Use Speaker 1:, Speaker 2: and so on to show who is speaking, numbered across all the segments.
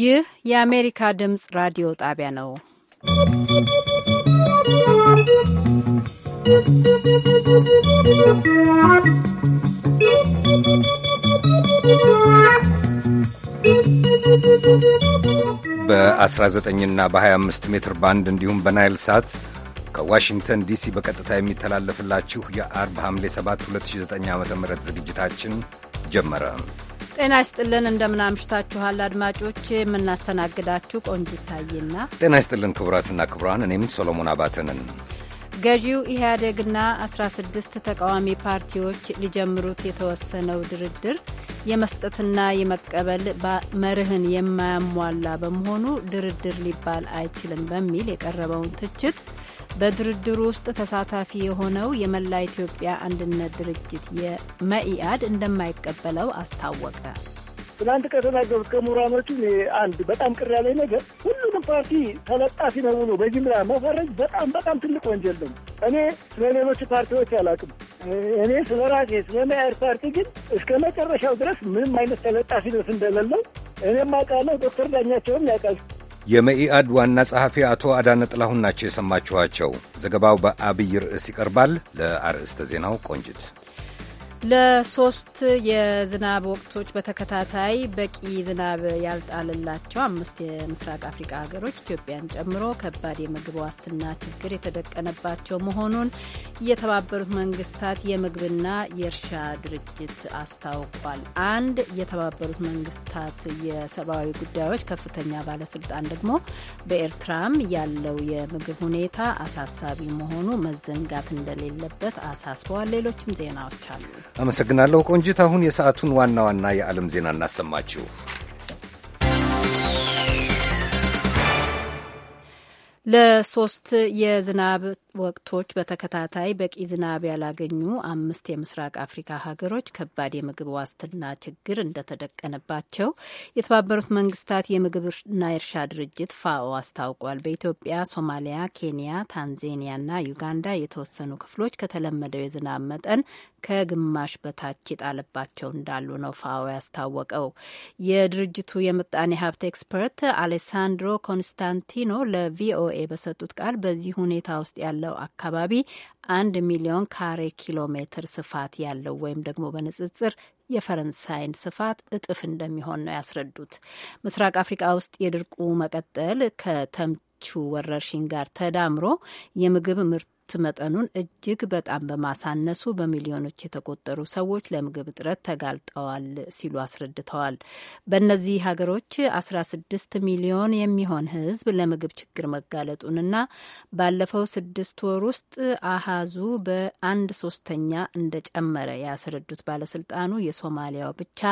Speaker 1: ይህ የአሜሪካ ድምፅ ራዲዮ ጣቢያ ነው።
Speaker 2: በ19ና በ25 ሜትር ባንድ እንዲሁም በናይል ሳት ከዋሽንግተን ዲሲ በቀጥታ የሚተላለፍላችሁ የአርብ ሐምሌ 7 2009 ዓ ም ዝግጅታችን ጀመረ።
Speaker 1: ጤና ይስጥልን እንደምን አምሽታችኋል አድማጮች የምናስተናግዳችሁ ቆንጂ ይታየና ጤና
Speaker 2: ይስጥልን ክቡራትና ክቡራን እኔም ሶሎሞን አባተንን
Speaker 1: ገዢው ኢህአዴግና 16 ተቃዋሚ ፓርቲዎች ሊጀምሩት የተወሰነው ድርድር የመስጠትና የመቀበል መርህን የማያሟላ በመሆኑ ድርድር ሊባል አይችልም በሚል የቀረበውን ትችት በድርድሩ ውስጥ ተሳታፊ የሆነው የመላ ኢትዮጵያ አንድነት ድርጅት የመኢአድ እንደማይቀበለው አስታወቀ።
Speaker 3: ትናንት ከተናገሩት ከምሁራኖቹ አንድ በጣም ቅር ያለኝ ነገር ሁሉንም ፓርቲ ተለጣፊ ነው ብሎ በጅምላ መፈረጅ በጣም በጣም ትልቅ ወንጀል ነው። እኔ ስለ ሌሎች ፓርቲዎች አላውቅም። እኔ ስለ ራሴ ስለ መኢአድ ፓርቲ ግን እስከ መጨረሻው ድረስ ምንም አይነት ተለጣፊነት እንደሌለው እኔም አውቃለሁ። ዶክተር ዳኛቸውም ያውቃል።
Speaker 2: የመኢአድ ዋና ጸሐፊ አቶ አዳነ ጥላሁን ናቸው የሰማችኋቸው። ዘገባው በአብይ ርዕስ ይቀርባል። ለአርዕስተ ዜናው ቆንጅት
Speaker 1: ለሶስት የዝናብ ወቅቶች በተከታታይ በቂ ዝናብ ያልጣልላቸው አምስት የምስራቅ አፍሪካ ሀገሮች ኢትዮጵያን ጨምሮ ከባድ የምግብ ዋስትና ችግር የተደቀነባቸው መሆኑን የተባበሩት መንግስታት የምግብና የእርሻ ድርጅት አስታውቋል። አንድ የተባበሩት መንግስታት የሰብአዊ ጉዳዮች ከፍተኛ ባለስልጣን ደግሞ በኤርትራም ያለው የምግብ ሁኔታ አሳሳቢ መሆኑ መዘንጋት እንደሌለበት አሳስበዋል። ሌሎችም ዜናዎች አሉ።
Speaker 2: አመሰግናለሁ ቆንጂት። አሁን የሰዓቱን ዋና ዋና የዓለም ዜና እናሰማችሁ።
Speaker 1: ለሶስት የዝናብ ወቅቶች በተከታታይ በቂ ዝናብ ያላገኙ አምስት የምስራቅ አፍሪካ ሀገሮች ከባድ የምግብ ዋስትና ችግር እንደተደቀነባቸው የተባበሩት መንግስታት የምግብና የእርሻ ድርጅት ፋኦ አስታውቋል። በኢትዮጵያ፣ ሶማሊያ፣ ኬንያ፣ ታንዜኒያና ዩጋንዳ የተወሰኑ ክፍሎች ከተለመደው የዝናብ መጠን ከግማሽ በታች ይጣልባቸው እንዳሉ ነው ፋኦ ያስታወቀው። የድርጅቱ የምጣኔ ሀብት ኤክስፐርት አሌሳንድሮ ኮንስታንቲኖ ለቪኦኤ በሰጡት ቃል በዚህ ሁኔታ ውስጥ ያለው አካባቢ አንድ ሚሊዮን ካሬ ኪሎ ሜትር ስፋት ያለው ወይም ደግሞ በንጽጽር የፈረንሳይን ስፋት እጥፍ እንደሚሆን ነው ያስረዱት። ምስራቅ አፍሪካ ውስጥ የድርቁ መቀጠል ከተምቹ ወረርሽኝ ጋር ተዳምሮ የምግብ ምርት ምርት መጠኑን እጅግ በጣም በማሳነሱ በሚሊዮኖች የተቆጠሩ ሰዎች ለምግብ እጥረት ተጋልጠዋል ሲሉ አስረድተዋል። በእነዚህ ሀገሮች 16 ሚሊዮን የሚሆን ሕዝብ ለምግብ ችግር መጋለጡንና ባለፈው ስድስት ወር ውስጥ አሃዙ በአንድ ሶስተኛ እንደጨመረ ያስረዱት ባለስልጣኑ የሶማሊያው ብቻ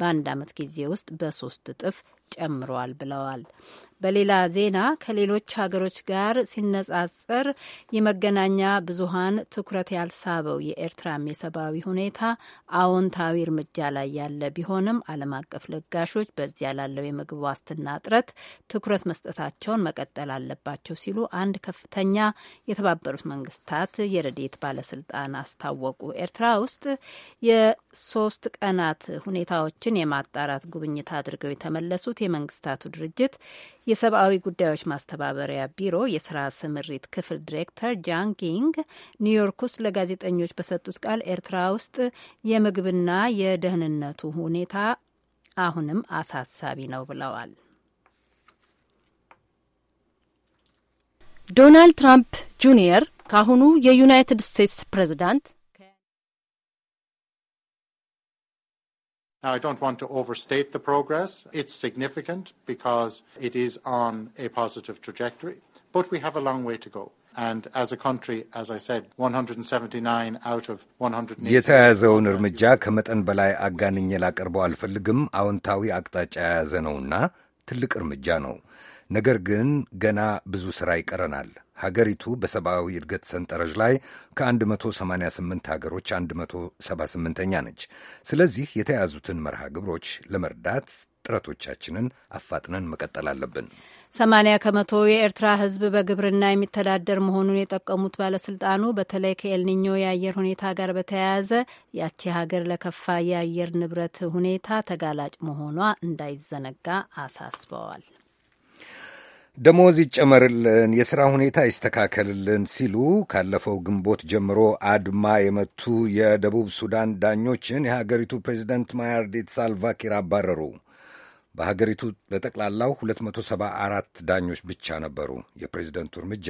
Speaker 1: በአንድ ዓመት ጊዜ ውስጥ በሶስት እጥፍ ጨምሯል ብለዋል። በሌላ ዜና ከሌሎች ሀገሮች ጋር ሲነጻጸር የመገናኛ ብዙሃን ትኩረት ያልሳበው የኤርትራም የሰብአዊ ሁኔታ አዎንታዊ እርምጃ ላይ ያለ ቢሆንም ዓለም አቀፍ ለጋሾች በዚያ ላለው የምግብ ዋስትና እጥረት ትኩረት መስጠታቸውን መቀጠል አለባቸው ሲሉ አንድ ከፍተኛ የተባበሩት መንግስታት የረዴት ባለስልጣን አስታወቁ። ኤርትራ ውስጥ የሶስት ቀናት ሁኔታዎችን የማጣራት ጉብኝት አድርገው የተመለሱት የመንግስታቱ ድርጅት የሰብአዊ ጉዳዮች ማስተባበሪያ ቢሮ የስራ ስምሪት ክፍል ዲሬክተር ጃን ኪንግ ኒውዮርክ ውስጥ ለጋዜጠኞች በሰጡት ቃል ኤርትራ ውስጥ የምግብና የደህንነቱ ሁኔታ አሁንም አሳሳቢ ነው ብለዋል።
Speaker 4: ዶናልድ ትራምፕ ጁኒየር ከአሁኑ የዩናይትድ ስቴትስ ፕሬዝዳንት
Speaker 5: Now, I don't want to overstate the progress. It's significant because it is on a positive trajectory, but we have a long way to go. And as a country, as I said, 179 out of 180.
Speaker 2: ነገር ግን ገና ብዙ ሥራ ይቀረናል። ሀገሪቱ በሰብአዊ እድገት ሰንጠረዥ ላይ ከ188 ሀገሮች 178ኛ ነች። ስለዚህ የተያዙትን መርሃ ግብሮች ለመርዳት ጥረቶቻችንን አፋጥነን
Speaker 1: መቀጠል አለብን። 80 ከመቶ የኤርትራ ሕዝብ በግብርና የሚተዳደር መሆኑን የጠቀሙት ባለስልጣኑ በተለይ ከኤልኒኞ የአየር ሁኔታ ጋር በተያያዘ ያቺ ሀገር ለከፋ የአየር ንብረት ሁኔታ ተጋላጭ መሆኗ እንዳይዘነጋ አሳስበዋል።
Speaker 2: ደሞዝ ይጨመርልን፣ የሥራ ሁኔታ ይስተካከልልን ሲሉ ካለፈው ግንቦት ጀምሮ አድማ የመቱ የደቡብ ሱዳን ዳኞችን የሀገሪቱ ፕሬዚደንት ማያርዲት ሳልቫኪር አባረሩ። በሀገሪቱ በጠቅላላው 274 ዳኞች ብቻ ነበሩ። የፕሬዚደንቱ እርምጃ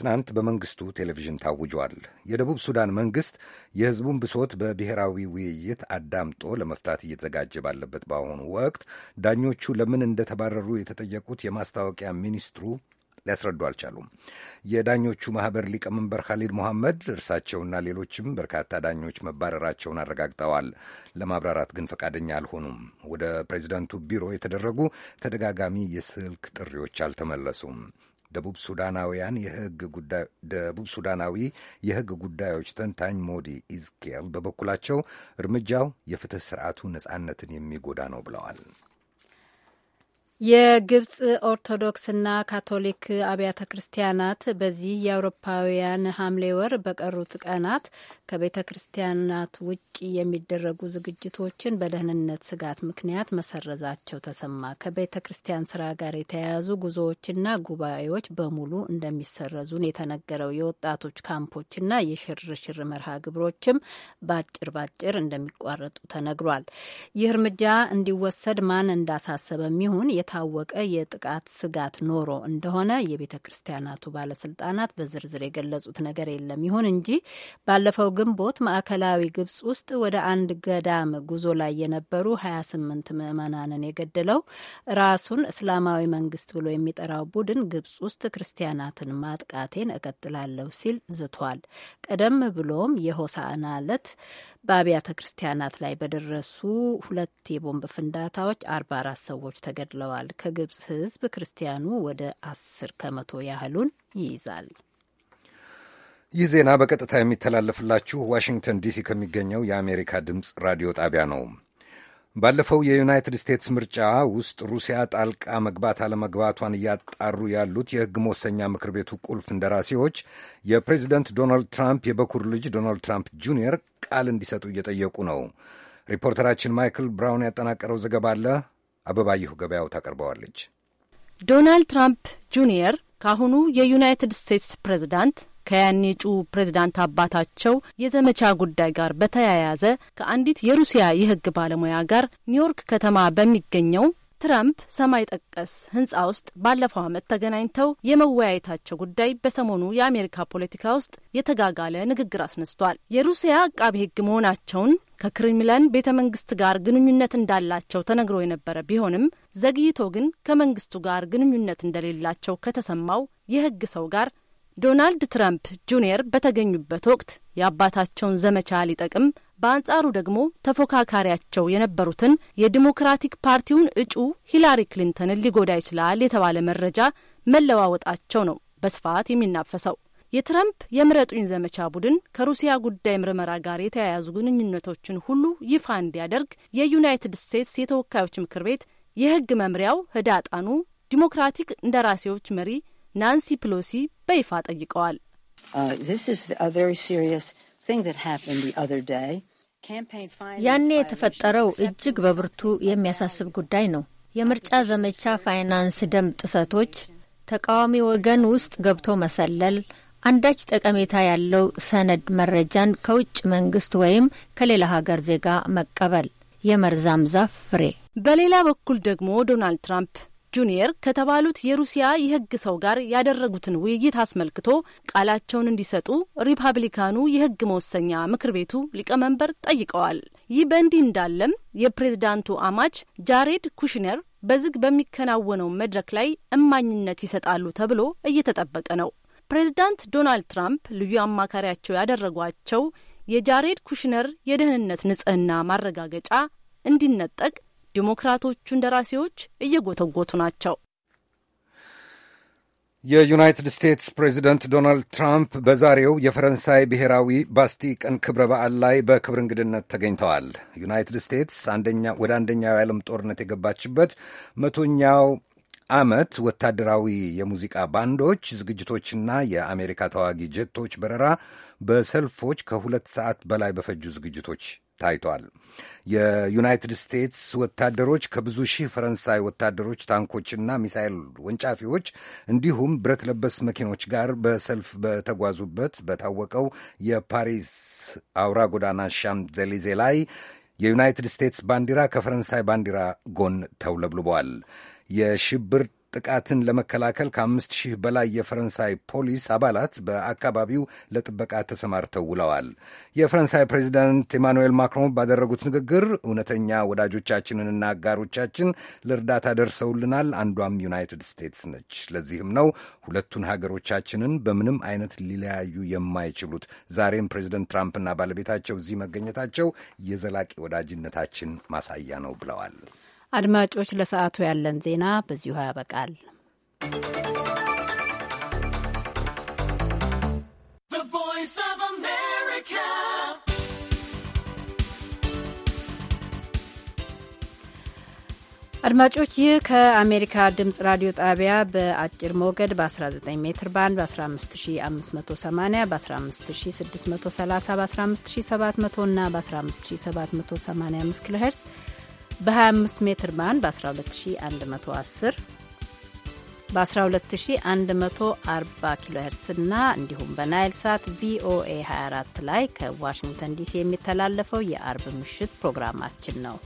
Speaker 2: ትናንት በመንግስቱ ቴሌቪዥን ታውጇል። የደቡብ ሱዳን መንግስት የህዝቡን ብሶት በብሔራዊ ውይይት አዳምጦ ለመፍታት እየተዘጋጀ ባለበት በአሁኑ ወቅት ዳኞቹ ለምን እንደተባረሩ የተጠየቁት የማስታወቂያ ሚኒስትሩ ሊያስረዱ አልቻሉም። የዳኞቹ ማህበር ሊቀመንበር ካሊድ ሞሐመድ እርሳቸውና ሌሎችም በርካታ ዳኞች መባረራቸውን አረጋግጠዋል። ለማብራራት ግን ፈቃደኛ አልሆኑም። ወደ ፕሬዚደንቱ ቢሮ የተደረጉ ተደጋጋሚ የስልክ ጥሪዎች አልተመለሱም። ደቡብ ሱዳናውያን ደቡብ ሱዳናዊ የህግ ጉዳዮች ተንታኝ ሞዲ ኢዝኬል በበኩላቸው እርምጃው የፍትህ ስርዓቱ ነጻነትን የሚጎዳ ነው ብለዋል።
Speaker 1: የግብጽ ኦርቶዶክስና ካቶሊክ አብያተ ክርስቲያናት በዚህ የአውሮፓውያን ሐምሌ ወር በቀሩት ቀናት ከቤተ ክርስቲያናት ውጭ የሚደረጉ ዝግጅቶችን በደህንነት ስጋት ምክንያት መሰረዛቸው ተሰማ። ከቤተ ክርስቲያን ስራ ጋር የተያያዙ ጉዞዎችና ጉባኤዎች በሙሉ እንደሚሰረዙን የተነገረው የወጣቶች ካምፖችና የሽርሽር መርሃ ግብሮችም ባጭር ባጭር እንደሚቋረጡ ተነግሯል። ይህ እርምጃ እንዲወሰድ ማን እንዳሳሰበ ይሁን የታወቀ የጥቃት ስጋት ኖሮ እንደሆነ የቤተ ክርስቲያናቱ ባለስልጣናት በዝርዝር የገለጹት ነገር የለም። ይሁን እንጂ ባለፈው ግንቦት ማዕከላዊ ግብጽ ውስጥ ወደ አንድ ገዳም ጉዞ ላይ የነበሩ 28 ምዕመናንን የገደለው ራሱን እስላማዊ መንግስት ብሎ የሚጠራው ቡድን ግብጽ ውስጥ ክርስቲያናትን ማጥቃቴን እቀጥላለሁ ሲል ዝቷል። ቀደም ብሎም የሆሳዕና ዕለት በአብያተ ክርስቲያናት ላይ በደረሱ ሁለት የቦምብ ፍንዳታዎች 44 ሰዎች ተገድለዋል። ከግብጽ ህዝብ ክርስቲያኑ ወደ አስር ከመቶ ያህሉን ይይዛል።
Speaker 2: ይህ ዜና በቀጥታ የሚተላለፍላችሁ ዋሽንግተን ዲሲ ከሚገኘው የአሜሪካ ድምፅ ራዲዮ ጣቢያ ነው። ባለፈው የዩናይትድ ስቴትስ ምርጫ ውስጥ ሩሲያ ጣልቃ መግባት አለመግባቷን እያጣሩ ያሉት የሕግ መወሰኛ ምክር ቤቱ ቁልፍ እንደራሴዎች የፕሬዚደንት ዶናልድ ትራምፕ የበኩር ልጅ ዶናልድ ትራምፕ ጁኒየር ቃል እንዲሰጡ እየጠየቁ ነው። ሪፖርተራችን ማይክል ብራውን ያጠናቀረው ዘገባ አለ። አበባየሁ ገበያው ታቀርበዋለች።
Speaker 4: ዶናልድ ትራምፕ ጁኒየር ከአሁኑ የዩናይትድ ስቴትስ ፕሬዚዳንት ከያኔጩ ፕሬዝዳንት አባታቸው የዘመቻ ጉዳይ ጋር በተያያዘ ከአንዲት የሩሲያ የሕግ ባለሙያ ጋር ኒውዮርክ ከተማ በሚገኘው ትራምፕ ሰማይ ጠቀስ ህንጻ ውስጥ ባለፈው ዓመት ተገናኝተው የመወያየታቸው ጉዳይ በሰሞኑ የአሜሪካ ፖለቲካ ውስጥ የተጋጋለ ንግግር አስነስቷል። የሩሲያ አቃቢ ሕግ መሆናቸውን ከክሪምለን ቤተ መንግስት ጋር ግንኙነት እንዳላቸው ተነግሮ የነበረ ቢሆንም ዘግይቶ ግን ከመንግስቱ ጋር ግንኙነት እንደሌላቸው ከተሰማው የህግ ሰው ጋር ዶናልድ ትራምፕ ጁኒየር በተገኙበት ወቅት የአባታቸውን ዘመቻ ሊጠቅም በአንጻሩ ደግሞ ተፎካካሪያቸው የነበሩትን የዲሞክራቲክ ፓርቲውን እጩ ሂላሪ ክሊንተንን ሊጎዳ ይችላል የተባለ መረጃ መለዋወጣቸው ነው በስፋት የሚናፈሰው። የትራምፕ የምረጡኝ ዘመቻ ቡድን ከሩሲያ ጉዳይ ምርመራ ጋር የተያያዙ ግንኙነቶችን ሁሉ ይፋ እንዲያደርግ የዩናይትድ ስቴትስ የተወካዮች ምክር ቤት የሕግ መምሪያው ህዳጣኑ ዲሞክራቲክ እንደራሴዎች መሪ ናንሲ ፕሎሲ በይፋ ጠይቀዋል። uh,
Speaker 1: ያኔ የተፈጠረው እጅግ በብርቱ የሚያሳስብ ጉዳይ ነው። የምርጫ ዘመቻ ፋይናንስ ደንብ ጥሰቶች፣ ተቃዋሚ ወገን ውስጥ ገብቶ መሰለል፣ አንዳች ጠቀሜታ ያለው ሰነድ መረጃን ከውጭ መንግስት ወይም ከሌላ ሀገር ዜጋ መቀበል፣ የመርዛም ዛፍ ፍሬ።
Speaker 4: በሌላ በኩል ደግሞ ዶናልድ ትራምፕ ጁኒየር ከተባሉት የሩሲያ የሕግ ሰው ጋር ያደረጉትን ውይይት አስመልክቶ ቃላቸውን እንዲሰጡ ሪፐብሊካኑ የሕግ መወሰኛ ምክር ቤቱ ሊቀመንበር ጠይቀዋል። ይህ በእንዲህ እንዳለም የፕሬዝዳንቱ አማች ጃሬድ ኩሽነር በዝግ በሚከናወነው መድረክ ላይ እማኝነት ይሰጣሉ ተብሎ እየተጠበቀ ነው። ፕሬዝዳንት ዶናልድ ትራምፕ ልዩ አማካሪያቸው ያደረጓቸው የጃሬድ ኩሽነር የደህንነት ንጽህና ማረጋገጫ እንዲነጠቅ ዲሞክራቶቹ እንደራሴዎች እየጎተጎቱ ናቸው።
Speaker 2: የዩናይትድ ስቴትስ ፕሬዚደንት ዶናልድ ትራምፕ በዛሬው የፈረንሳይ ብሔራዊ ባስቲ ቀን ክብረ በዓል ላይ በክብር እንግድነት ተገኝተዋል። ዩናይትድ ስቴትስ ወደ አንደኛው የዓለም ጦርነት የገባችበት መቶኛው ዓመት ወታደራዊ የሙዚቃ ባንዶች ዝግጅቶችና የአሜሪካ ተዋጊ ጀቶች በረራ በሰልፎች ከሁለት ሰዓት በላይ በፈጁ ዝግጅቶች ታይቷል። የዩናይትድ ስቴትስ ወታደሮች ከብዙ ሺህ ፈረንሳይ ወታደሮች ታንኮችና ሚሳይል ወንጫፊዎች እንዲሁም ብረት ለበስ መኪኖች ጋር በሰልፍ በተጓዙበት በታወቀው የፓሪስ አውራ ጎዳና ሻምዘሊዜ ላይ የዩናይትድ ስቴትስ ባንዲራ ከፈረንሳይ ባንዲራ ጎን ተውለብልቧል። የሽብር ጥቃትን ለመከላከል ከአምስት ሺህ በላይ የፈረንሳይ ፖሊስ አባላት በአካባቢው ለጥበቃ ተሰማርተው ውለዋል። የፈረንሳይ ፕሬዚዳንት ኢማኑኤል ማክሮን ባደረጉት ንግግር እውነተኛ ወዳጆቻችንንና አጋሮቻችን ለእርዳታ ደርሰውልናል፣ አንዷም ዩናይትድ ስቴትስ ነች። ለዚህም ነው ሁለቱን ሀገሮቻችንን በምንም አይነት ሊለያዩ የማይችሉት። ዛሬም ፕሬዚደንት ትራምፕና ባለቤታቸው እዚህ መገኘታቸው የዘላቂ ወዳጅነታችን ማሳያ ነው ብለዋል።
Speaker 1: አድማጮች፣ ለሰዓቱ ያለን ዜና በዚሁ ያበቃል። አድማጮች ይህ ከአሜሪካ ድምጽ ራዲዮ ጣቢያ በአጭር ሞገድ በ19 ሜትር ባንድ በ15580 በ15630 በ15700 እና በ15785 ኪሎ ሄርዝ በ25 ሜትር ባንድ በ12110 በ12140 ኪሎ ሄርስ እና እንዲሁም በናይል ሳት ቪኦኤ 24 ላይ ከዋሽንግተን ዲሲ የሚተላለፈው የአርብ ምሽት ፕሮግራማችን ነው።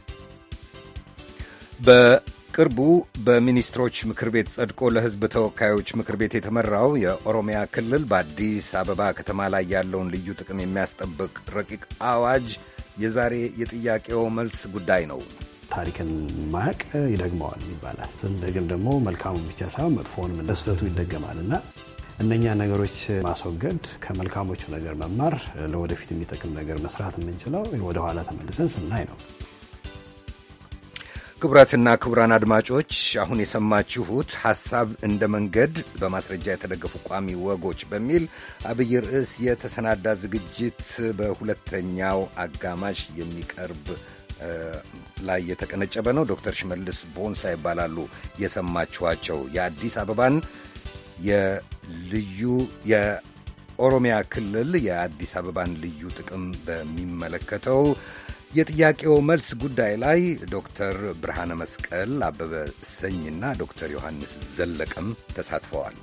Speaker 2: በቅርቡ በሚኒስትሮች ምክር ቤት ጸድቆ ለሕዝብ ተወካዮች ምክር ቤት የተመራው የኦሮሚያ ክልል በአዲስ አበባ ከተማ ላይ ያለውን ልዩ ጥቅም የሚያስጠብቅ ረቂቅ አዋጅ የዛሬ
Speaker 6: የጥያቄው መልስ ጉዳይ ነው። ታሪክን ማያቅ ይደግመዋል ይባላል። እንደግን ደግሞ መልካሙን ብቻ ሳይሆን መጥፎውንም ስህተቱ ይደገማል እና እነኛ ነገሮች ማስወገድ ከመልካሞቹ ነገር መማር ለወደፊት የሚጠቅም ነገር መስራት የምንችለው ወደኋላ ተመልሰን ስናይ ነው።
Speaker 2: ክቡራትና ክቡራን አድማጮች አሁን የሰማችሁት ሐሳብ እንደ መንገድ በማስረጃ የተደገፉ ቋሚ ወጎች በሚል አብይ ርዕስ የተሰናዳ ዝግጅት በሁለተኛው አጋማሽ የሚቀርብ ላይ የተቀነጨበ ነው። ዶክተር ሽመልስ ቦንሳ ይባላሉ። የሰማችኋቸው የአዲስ አበባን የልዩ የኦሮሚያ ክልል የአዲስ አበባን ልዩ ጥቅም በሚመለከተው የጥያቄው መልስ ጉዳይ ላይ ዶክተር ብርሃነ መስቀል አበበ ሰኝና ዶክተር ዮሐንስ ዘለቀም ተሳትፈዋል።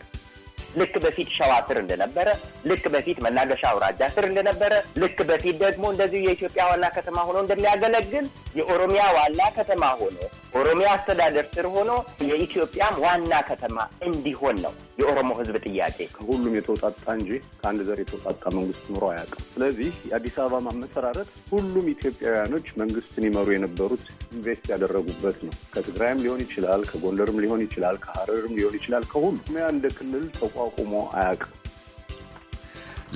Speaker 7: ልክ በፊት ሸዋ ስር እንደነበረ፣ ልክ በፊት መናገሻ አውራጃ ስር እንደነበረ፣ ልክ በፊት ደግሞ እንደዚሁ የኢትዮጵያ ዋና ከተማ ሆኖ እንደሚያገለግል የኦሮሚያ ዋና ከተማ ሆኖ ኦሮሚያ አስተዳደር ስር ሆኖ የኢትዮጵያም ዋና ከተማ እንዲሆን ነው የኦሮሞ ህዝብ ጥያቄ።
Speaker 8: ከሁሉም የተውጣጣ እንጂ ከአንድ ዘር የተውጣጣ መንግስት ኑሮ አያውቅም። ስለዚህ የአዲስ አበባ ማመሰራረት ሁሉም ኢትዮጵያውያኖች መንግስትን ይመሩ የነበሩት ኢንቨስት ያደረጉበት ነው። ከትግራይም ሊሆን ይችላል፣ ከጎንደርም ሊሆን ይችላል፣ ከሀረርም ሊሆን ይችላል። ከሁሉ ኦሮሚያ እንደ ክልል ተቋቁሞ አያውቅም።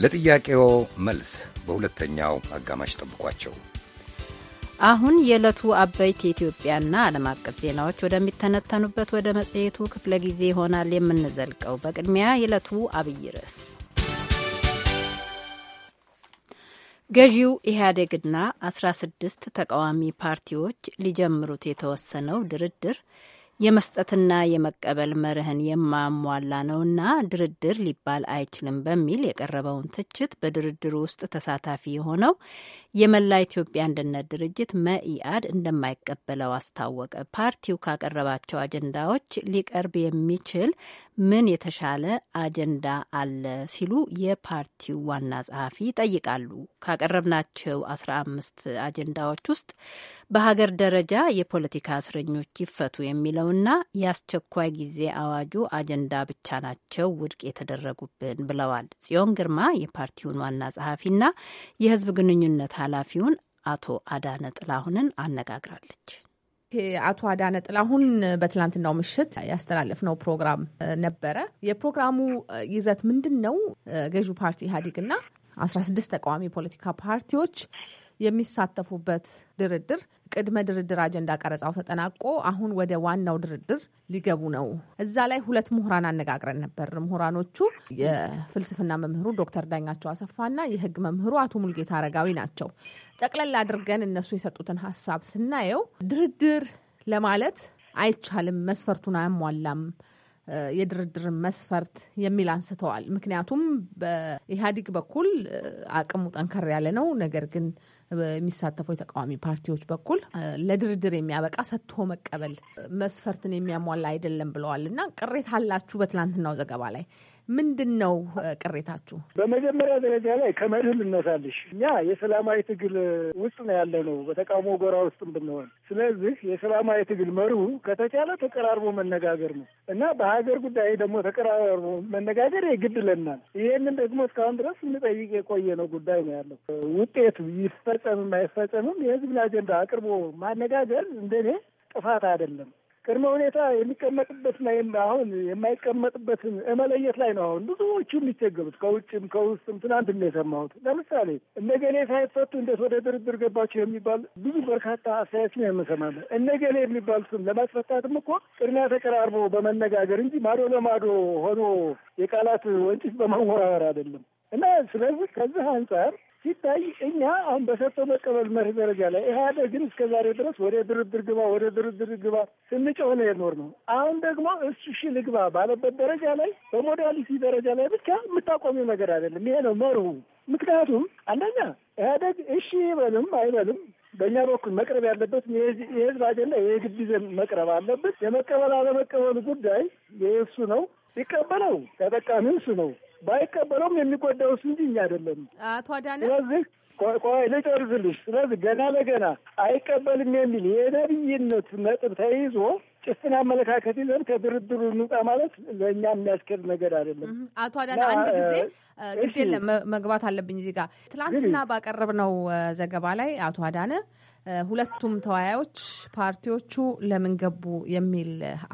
Speaker 2: ለጥያቄዎ መልስ በሁለተኛው አጋማሽ ጠብቋቸው።
Speaker 1: አሁን የዕለቱ አበይት የኢትዮጵያና ዓለም አቀፍ ዜናዎች ወደሚተነተኑበት ወደ መጽሔቱ ክፍለ ጊዜ ይሆናል የምንዘልቀው። በቅድሚያ የዕለቱ አብይ ርዕስ ገዢው ኢህአዴግና አስራ ስድስት ተቃዋሚ ፓርቲዎች ሊጀምሩት የተወሰነው ድርድር የመስጠትና የመቀበል መርህን የማሟላ ነውና ድርድር ሊባል አይችልም በሚል የቀረበውን ትችት በድርድሩ ውስጥ ተሳታፊ የሆነው የመላ ኢትዮጵያ አንድነት ድርጅት መኢአድ እንደማይቀበለው አስታወቀ። ፓርቲው ካቀረባቸው አጀንዳዎች ሊቀርብ የሚችል ምን የተሻለ አጀንዳ አለ ሲሉ የፓርቲው ዋና ጸሐፊ ይጠይቃሉ። ካቀረብናቸው አስራ አምስት አጀንዳዎች ውስጥ በሀገር ደረጃ የፖለቲካ እስረኞች ይፈቱ የሚለውና የአስቸኳይ ጊዜ አዋጁ አጀንዳ ብቻ ናቸው ውድቅ የተደረጉብን ብለዋል። ጽዮን ግርማ የፓርቲውን ዋና ጸሐፊና የህዝብ ግንኙነት ኃላፊውን አቶ አዳነ ጥላሁንን አነጋግራለች።
Speaker 9: አቶ አዳነ ጥላሁን በትላንትናው ምሽት ያስተላለፍነው ፕሮግራም ነበረ። የፕሮግራሙ ይዘት ምንድን ነው? ገዢው ፓርቲ ኢህአዴግና አስራ ስድስት ተቃዋሚ የፖለቲካ ፓርቲዎች የሚሳተፉበት ድርድር ቅድመ ድርድር አጀንዳ ቀረጻው ተጠናቆ አሁን ወደ ዋናው ድርድር ሊገቡ ነው። እዛ ላይ ሁለት ምሁራን አነጋግረን ነበር። ምሁራኖቹ የፍልስፍና መምህሩ ዶክተር ዳኛቸው አሰፋና የህግ መምህሩ አቶ ሙልጌታ አረጋዊ ናቸው። ጠቅለል አድርገን እነሱ የሰጡትን ሀሳብ ስናየው ድርድር ለማለት አይቻልም፣ መስፈርቱን አያሟላም የድርድር መስፈርት የሚል አንስተዋል። ምክንያቱም በኢህአዲግ በኩል አቅሙ ጠንከር ያለ ነው። ነገር ግን የሚሳተፈው የተቃዋሚ ፓርቲዎች በኩል ለድርድር የሚያበቃ ሰጥቶ መቀበል መስፈርትን የሚያሟላ አይደለም ብለዋል እና ቅሬታ አላችሁ በትላንትናው ዘገባ ላይ ምንድን ነው ቅሬታችሁ?
Speaker 3: በመጀመሪያ ደረጃ ላይ ከመርህ ልነሳልሽ። እኛ የሰላማዊ ትግል ውስጥ ነው ያለ ነው፣ በተቃውሞ ጎራ ውስጥም ብንሆን። ስለዚህ የሰላማዊ ትግል መርሁ ከተቻለ ተቀራርቦ መነጋገር ነው እና በሀገር ጉዳይ ደግሞ ተቀራርቦ መነጋገር የግድ ለናል። ይህንን ደግሞ እስካሁን ድረስ እንጠይቅ የቆየ ነው ጉዳይ ነው ያለው። ውጤቱ ይፈጸምም አይፈጸምም የህዝብን አጀንዳ አቅርቦ ማነጋገር እንደኔ ጥፋት አይደለም። ቅድመ ሁኔታ የሚቀመጥበትና አሁን የማይቀመጥበትን መለየት ላይ ነው። አሁን ብዙዎቹ የሚቸገሩት ከውጭም ከውስጥም ትናንት የሰማሁት ለምሳሌ እነገሌ ሳይፈቱ እንዴት ወደ ድርድር ገባቸው የሚባል ብዙ በርካታ አስተያየት ነው የምሰማለ። እነገሌ የሚባሉትም ለማስፈታትም እኮ ቅድሚያ ተቀራርቦ በመነጋገር እንጂ ማዶ ለማዶ ሆኖ የቃላት ወንጭፍ በመወራወር አይደለም። እና ስለዚህ ከዚህ አንጻር ሲታይ እኛ አሁን በሰጠው መቀበል መርህ ደረጃ ላይ ኢህአዴግን እስከ ዛሬ ድረስ ወደ ድርድር ግባ ወደ ድርድር ግባ ስንጮህ ነው አሁን ደግሞ እሱ እሺ ልግባ ባለበት ደረጃ ላይ በሞዳሊቲ ደረጃ ላይ ብቻ የምታቆሚው ነገር አይደለም። ይሄ ነው መርሁ። ምክንያቱም አንደኛ ኢህአዴግ እሺ ይበልም አይበልም በእኛ በኩል መቅረብ ያለበት የህዝብ አጀንዳ የግድ ይዘን መቅረብ አለበት። የመቀበል አለመቀበሉ ጉዳይ የእሱ ነው። ይቀበለው ተጠቃሚ እሱ ነው። ባይቀበለውም የሚጎዳው እሱ እንጂ እኛ አይደለም።
Speaker 9: አቶ አዳነ ስለዚህ
Speaker 3: ቆይ ልጨርስልሽ። ስለዚህ ገና ለገና አይቀበልም የሚል የነብይነት ነጥብ ተይዞ ጭፍን አመለካከት ይዘን
Speaker 9: ከድርድሩ እንውጣ ማለት ለእኛ የሚያስኬድ ነገር አይደለም። አቶ አዳነ አንድ ጊዜ ግድ የለም መግባት አለብኝ እዚህ ጋር ትላንትና ባቀረብነው ዘገባ ላይ አቶ አዳነ ሁለቱም ተወያዮች ፓርቲዎቹ ለምን ገቡ የሚል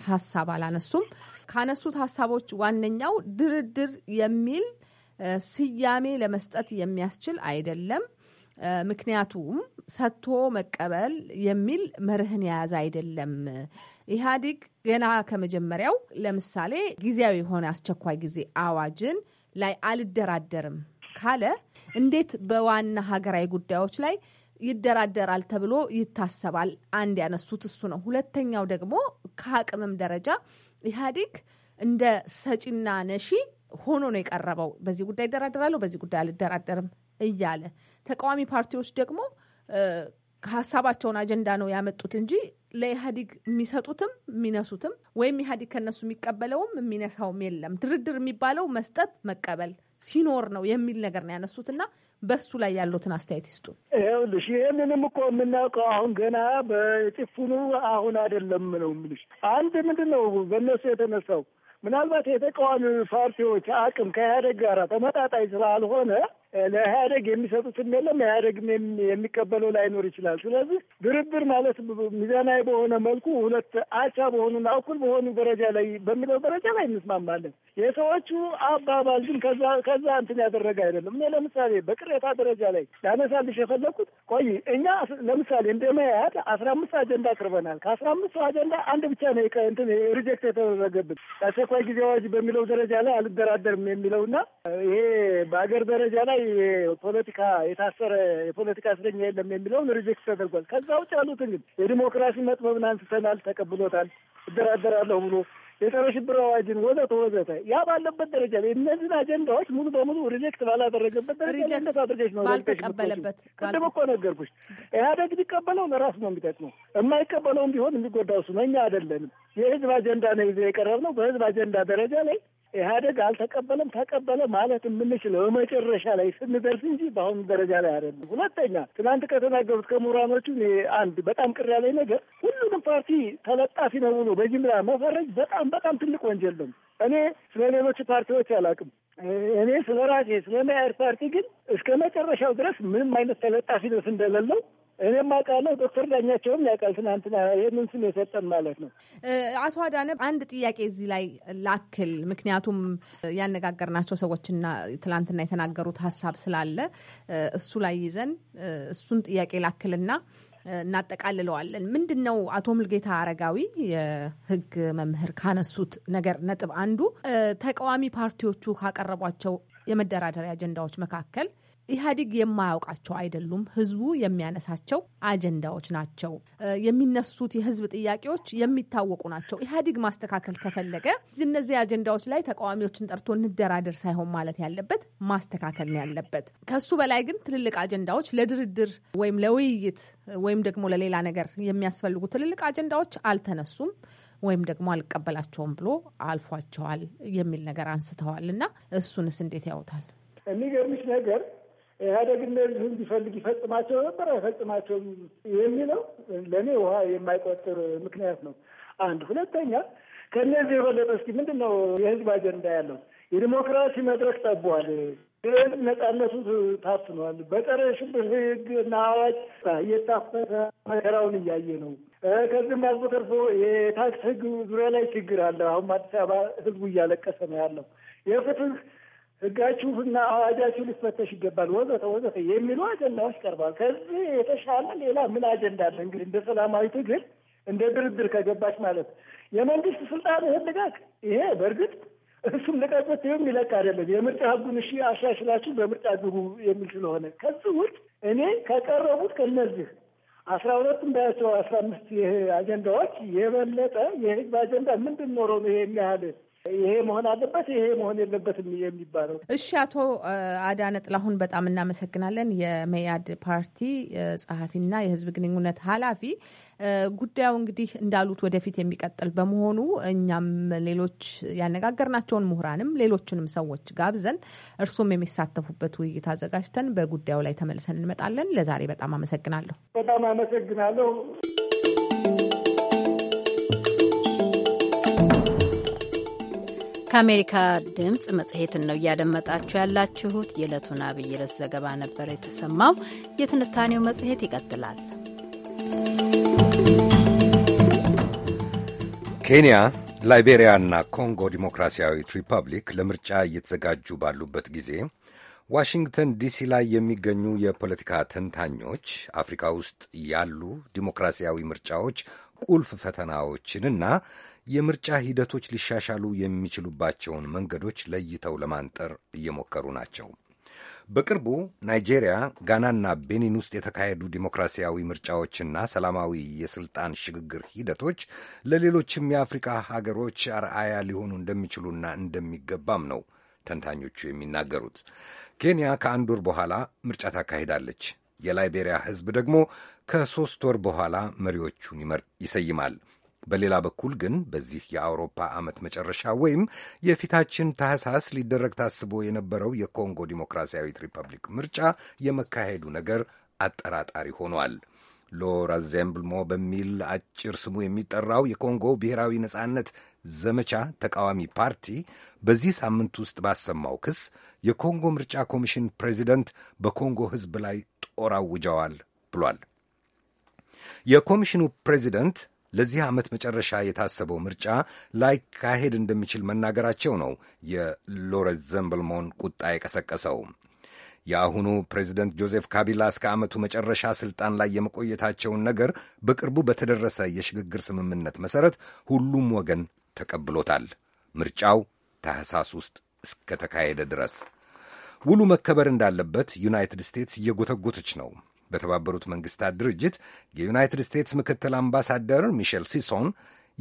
Speaker 9: ሀሳብ አላነሱም። ካነሱት ሀሳቦች ዋነኛው ድርድር የሚል ስያሜ ለመስጠት የሚያስችል አይደለም። ምክንያቱም ሰጥቶ መቀበል የሚል መርህን የያዘ አይደለም። ኢህአዲግ ገና ከመጀመሪያው ለምሳሌ ጊዜያዊ የሆነ አስቸኳይ ጊዜ አዋጅን ላይ አልደራደርም ካለ እንዴት በዋና ሀገራዊ ጉዳዮች ላይ ይደራደራል ተብሎ ይታሰባል? አንድ ያነሱት እሱ ነው። ሁለተኛው ደግሞ ከአቅምም ደረጃ ኢህአዴግ እንደ ሰጪና ነሺ ሆኖ ነው የቀረበው። በዚህ ጉዳይ ይደራደራለሁ፣ በዚህ ጉዳይ አልደራደርም እያለ ተቃዋሚ ፓርቲዎች ደግሞ ሀሳባቸውን አጀንዳ ነው ያመጡት እንጂ ለኢህአዴግ የሚሰጡትም የሚነሱትም ወይም ኢህአዴግ ከነሱ የሚቀበለውም የሚነሳውም የለም። ድርድር የሚባለው መስጠት መቀበል ሲኖር ነው የሚል ነገር ነው ያነሱትና በሱ ላይ ያሉትን አስተያየት ይስጡ።
Speaker 3: ይኸውልሽ ይህንንም እኮ የምናውቀው አሁን ገና በጭፍኑ አሁን አይደለም ነው የምልሽ። አንድ ምንድን ነው በእነሱ የተነሳው ምናልባት የተቃዋሚ ፓርቲዎች አቅም ከኢህአዴግ ጋር ተመጣጣኝ ስላልሆነ ለኢህአደግ የሚሰጡትም የለም ኢህአደግም የሚቀበለው ላይኖር ይችላል። ስለዚህ ድርድር ማለት ሚዛናዊ በሆነ መልኩ ሁለት አቻ በሆኑና እኩል በሆኑ ደረጃ ላይ በሚለው ደረጃ ላይ እንስማማለን። የሰዎቹ አባባል ግን ከዛ ከዛ እንትን ያደረገ አይደለም። እኔ ለምሳሌ በቅሬታ ደረጃ ላይ ላነሳልሽ የፈለግኩት ቆይ እኛ ለምሳሌ እንደ መያድ አስራ አምስት አጀንዳ አቅርበናል። ከአስራ አምስቱ አጀንዳ አንድ ብቻ ነው እንትን ሪጀክት የተደረገብን አስቸኳይ ጊዜ አዋጅ በሚለው ደረጃ ላይ አልደራደርም የሚለውና ይሄ በአገር ደረጃ ላይ ላይ ፖለቲካ የታሰረ የፖለቲካ እስረኛ የለም የሚለውን ሪጀክት ተደርጓል። ከዛ ውጭ ያሉት ግን የዲሞክራሲ መጥበብን አንስተናል፣ ተቀብሎታል፣ እደራደራለሁ ብሎ የጸረ ሽብር አዋጅን ወዘተ ወዘተ ያ ባለበት ደረጃ እነዚህን አጀንዳዎች ሙሉ በሙሉ ሪጀክት ባላደረገበት ደረጃ ነት አድርገሽ ነው ባልተቀበለበት። ቅድም እኮ ነገርኩሽ፣ ኢህአዴግ ቢቀበለው ለራሱ ነው የሚጠቅመው፣ የማይቀበለውም ቢሆን የሚጎዳው እሱ ነው፣ እኛ አይደለንም። የህዝብ አጀንዳ ነው ይዘ የቀረብ ነው። በህዝብ አጀንዳ ደረጃ ላይ ኢህአደግ አልተቀበለም ተቀበለ ማለት የምንችለው መጨረሻ ላይ ስንደርስ እንጂ በአሁኑ ደረጃ ላይ አይደለም። ሁለተኛ ትናንት ከተናገሩት ከምሁራኖቹ አንድ በጣም ቅር ያለኝ ነገር ሁሉንም ፓርቲ ተለጣፊ ነው ብሎ በጅምላ መፈረጅ በጣም በጣም ትልቅ ወንጀል ነው። እኔ ስለ ሌሎች ፓርቲዎች አላውቅም። እኔ ስለ ራሴ ስለ መያድ ፓርቲ ግን እስከ መጨረሻው ድረስ ምንም አይነት ተለጣፊነት እንደሌለው እኔም አውቃለሁ፣ ዶክተር ዳኛቸውም ያውቃል። ትናንትና ይህንን ስም የሰጠን ማለት ነው።
Speaker 9: አቶ አዳነ አንድ ጥያቄ እዚህ ላይ ላክል፣ ምክንያቱም ያነጋገርናቸው ሰዎችና ትናንትና የተናገሩት ሀሳብ ስላለ እሱ ላይ ይዘን እሱን ጥያቄ ላክልና እናጠቃልለዋለን። ምንድን ነው አቶ ሙልጌታ አረጋዊ የህግ መምህር ካነሱት ነገር ነጥብ አንዱ ተቃዋሚ ፓርቲዎቹ ካቀረቧቸው የመደራደሪያ አጀንዳዎች መካከል ኢህአዴግ የማያውቃቸው አይደሉም። ህዝቡ የሚያነሳቸው አጀንዳዎች ናቸው። የሚነሱት የህዝብ ጥያቄዎች የሚታወቁ ናቸው። ኢህአዴግ ማስተካከል ከፈለገ እነዚህ አጀንዳዎች ላይ ተቃዋሚዎችን ጠርቶ እንደራደር ሳይሆን ማለት ያለበት ማስተካከል ነው ያለበት። ከሱ በላይ ግን ትልልቅ አጀንዳዎች ለድርድር ወይም ለውይይት ወይም ደግሞ ለሌላ ነገር የሚያስፈልጉ ትልልቅ አጀንዳዎች አልተነሱም ወይም ደግሞ አልቀበላቸውም ብሎ አልፏቸዋል የሚል ነገር አንስተዋል እና እሱንስ እንዴት ያውታል?
Speaker 3: የሚገርምሽ ነገር ኢህአዴግ እነዚህ እንዲፈልግ ይፈጽማቸው ነበር አይፈጽማቸውም የሚለው ለእኔ ውሃ የማይቆጥር ምክንያት ነው። አንድ ሁለተኛ፣ ከእነዚህ የበለጠ እስኪ ምንድን ነው የህዝብ አጀንዳ ያለው? የዲሞክራሲ መድረክ ጠቧል። ህዝብ ነጻነቱ ታፍኗል። በጸረ ሽብር ህግ እና አዋጅ እየታፈሰ መከራውን እያየ ነው። ከዚህም አልፎ ተርፎ የታክስ ህግ ዙሪያ ላይ ችግር አለ። አሁን አዲስ አበባ ህዝቡ እያለቀሰ ነው ያለው። የፍትህ ህጋችሁና አዋጃችሁ ሊፈተሽ ይገባል ወዘተ ወዘተ የሚሉ አጀንዳዎች ቀርበዋል። ከዚህ የተሻለ ሌላ ምን አጀንዳ አለ? እንግዲህ እንደ ሰላማዊ ትግል እንደ ድርድር ከገባች ማለት የመንግስት ስልጣን ህልጋት ይሄ በእርግጥ እሱም ልቀቁት የሚለቅ አይደለም። የምርጫ ህጉን እሺ አሻሽላችሁ በምርጫ ግቡ የሚል ስለሆነ ከዚህ ውጭ እኔ ከቀረቡት ከነዚህ አስራ ሁለቱም ባያቸው አስራ አምስት አጀንዳዎች የበለጠ የህዝብ አጀንዳ ምንድን ኖሮ ነው ይሄን ያህል ይሄ መሆን አለበት ይሄ መሆን የለበትም የሚባለው።
Speaker 9: እሺ፣ አቶ አዳነ ጥላሁን በጣም እናመሰግናለን። የመያድ ፓርቲ ጸሐፊና የህዝብ ግንኙነት ኃላፊ ጉዳዩ እንግዲህ እንዳሉት ወደፊት የሚቀጥል በመሆኑ እኛም ሌሎች ያነጋገርናቸውን ምሁራንም ሌሎችንም ሰዎች ጋብዘን እርሱም የሚሳተፉበት ውይይት አዘጋጅተን በጉዳዩ ላይ ተመልሰን እንመጣለን። ለዛሬ በጣም አመሰግናለሁ።
Speaker 3: በጣም አመሰግናለሁ።
Speaker 1: ከአሜሪካ ድምፅ መጽሔትን ነው እያደመጣችሁ ያላችሁት። የዕለቱን አብይ ርዕስ ዘገባ ነበር የተሰማው። የትንታኔው መጽሔት ይቀጥላል።
Speaker 2: ኬንያ፣ ላይቤሪያና ኮንጎ ዲሞክራሲያዊት ሪፐብሊክ ለምርጫ እየተዘጋጁ ባሉበት ጊዜ ዋሽንግተን ዲሲ ላይ የሚገኙ የፖለቲካ ተንታኞች አፍሪካ ውስጥ ያሉ ዲሞክራሲያዊ ምርጫዎች ቁልፍ ፈተናዎችንና የምርጫ ሂደቶች ሊሻሻሉ የሚችሉባቸውን መንገዶች ለይተው ለማንጠር እየሞከሩ ናቸው። በቅርቡ ናይጄሪያ፣ ጋናና ቤኒን ውስጥ የተካሄዱ ዲሞክራሲያዊ ምርጫዎችና ሰላማዊ የስልጣን ሽግግር ሂደቶች ለሌሎችም የአፍሪካ ሀገሮች አርአያ ሊሆኑ እንደሚችሉና እንደሚገባም ነው ተንታኞቹ የሚናገሩት። ኬንያ ከአንድ ወር በኋላ ምርጫ ታካሂዳለች። የላይቤሪያ ሕዝብ ደግሞ ከሦስት ወር በኋላ መሪዎቹን ይሰይማል። በሌላ በኩል ግን በዚህ የአውሮፓ ዓመት መጨረሻ ወይም የፊታችን ታህሳስ ሊደረግ ታስቦ የነበረው የኮንጎ ዲሞክራሲያዊት ሪፐብሊክ ምርጫ የመካሄዱ ነገር አጠራጣሪ ሆኗል። ሎራዘምብልሞ በሚል አጭር ስሙ የሚጠራው የኮንጎ ብሔራዊ ነጻነት ዘመቻ ተቃዋሚ ፓርቲ በዚህ ሳምንት ውስጥ ባሰማው ክስ የኮንጎ ምርጫ ኮሚሽን ፕሬዚደንት በኮንጎ ሕዝብ ላይ ጦር አውጀዋል ብሏል። የኮሚሽኑ ፕሬዚደንት ለዚህ ዓመት መጨረሻ የታሰበው ምርጫ ላይካሄድ እንደሚችል መናገራቸው ነው የሎረንስ ዘምብልሞን ቁጣ የቀሰቀሰው። የአሁኑ ፕሬዚደንት ጆዜፍ ካቢላ እስከ ዓመቱ መጨረሻ ስልጣን ላይ የመቆየታቸውን ነገር በቅርቡ በተደረሰ የሽግግር ስምምነት መሠረት ሁሉም ወገን ተቀብሎታል። ምርጫው ታህሳስ ውስጥ እስከተካሄደ ድረስ ውሉ መከበር እንዳለበት ዩናይትድ ስቴትስ እየጎተጎተች ነው። በተባበሩት መንግስታት ድርጅት የዩናይትድ ስቴትስ ምክትል አምባሳደር ሚሸል ሲሶን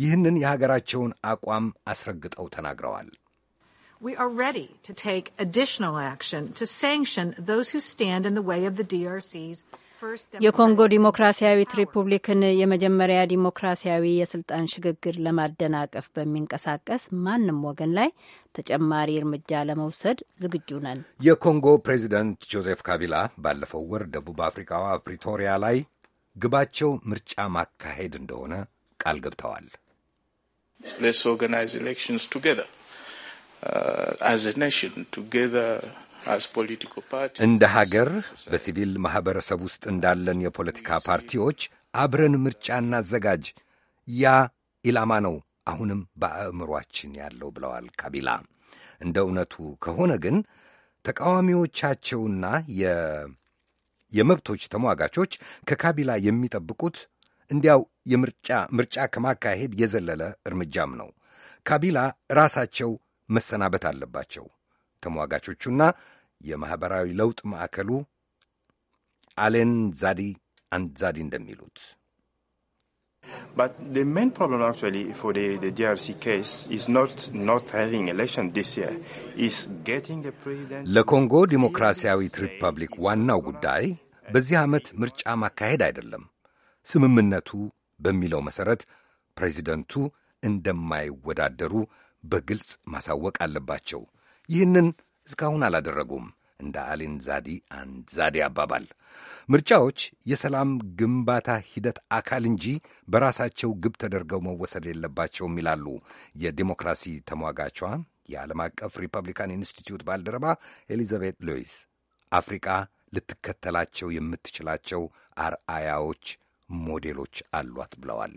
Speaker 2: ይህንን የሀገራቸውን አቋም አስረግጠው ተናግረዋል።
Speaker 1: የኮንጎ ዲሞክራሲያዊት ሪፑብሊክን የመጀመሪያ ዲሞክራሲያዊ የስልጣን ሽግግር ለማደናቀፍ በሚንቀሳቀስ ማንም ወገን ላይ ተጨማሪ እርምጃ ለመውሰድ ዝግጁ ነን።
Speaker 2: የኮንጎ ፕሬዚደንት ጆዜፍ ካቢላ ባለፈው ወር ደቡብ አፍሪካዋ ፕሪቶሪያ ላይ ግባቸው ምርጫ ማካሄድ እንደሆነ ቃል ገብተዋል። ኦርጋናይዝ ኤሌክሽንስ ቱጌዘር አዝ ኤ ኔሽን
Speaker 10: ቱጌዘር
Speaker 2: እንደ ሀገር በሲቪል ማኅበረሰብ ውስጥ እንዳለን የፖለቲካ ፓርቲዎች አብረን ምርጫ እናዘጋጅ። ያ ኢላማ ነው አሁንም በአእምሯችን ያለው ብለዋል ካቢላ። እንደ እውነቱ ከሆነ ግን ተቃዋሚዎቻቸውና የመብቶች ተሟጋቾች ከካቢላ የሚጠብቁት እንዲያው የምርጫ ምርጫ ከማካሄድ የዘለለ እርምጃም ነው። ካቢላ ራሳቸው መሰናበት አለባቸው። ተሟጋቾቹና የማኅበራዊ ለውጥ ማዕከሉ አሌን ዛዲ ዛዲ እንደሚሉት ለኮንጎ ዲሞክራሲያዊት ሪፐብሊክ ዋናው ጉዳይ በዚህ ዓመት ምርጫ ማካሄድ አይደለም። ስምምነቱ በሚለው መሠረት ፕሬዚደንቱ እንደማይወዳደሩ በግልጽ ማሳወቅ አለባቸው። ይህንን እስካሁን አላደረጉም። እንደ አሊን ዛዲ አንዛዴ አባባል ምርጫዎች የሰላም ግንባታ ሂደት አካል እንጂ በራሳቸው ግብ ተደርገው መወሰድ የለባቸውም ይላሉ የዲሞክራሲ ተሟጋቿ የዓለም አቀፍ ሪፐብሊካን ኢንስቲትዩት ባልደረባ ኤሊዛቤት ሉዊስ። አፍሪቃ ልትከተላቸው የምትችላቸው አርአያዎች፣ ሞዴሎች አሏት ብለዋል።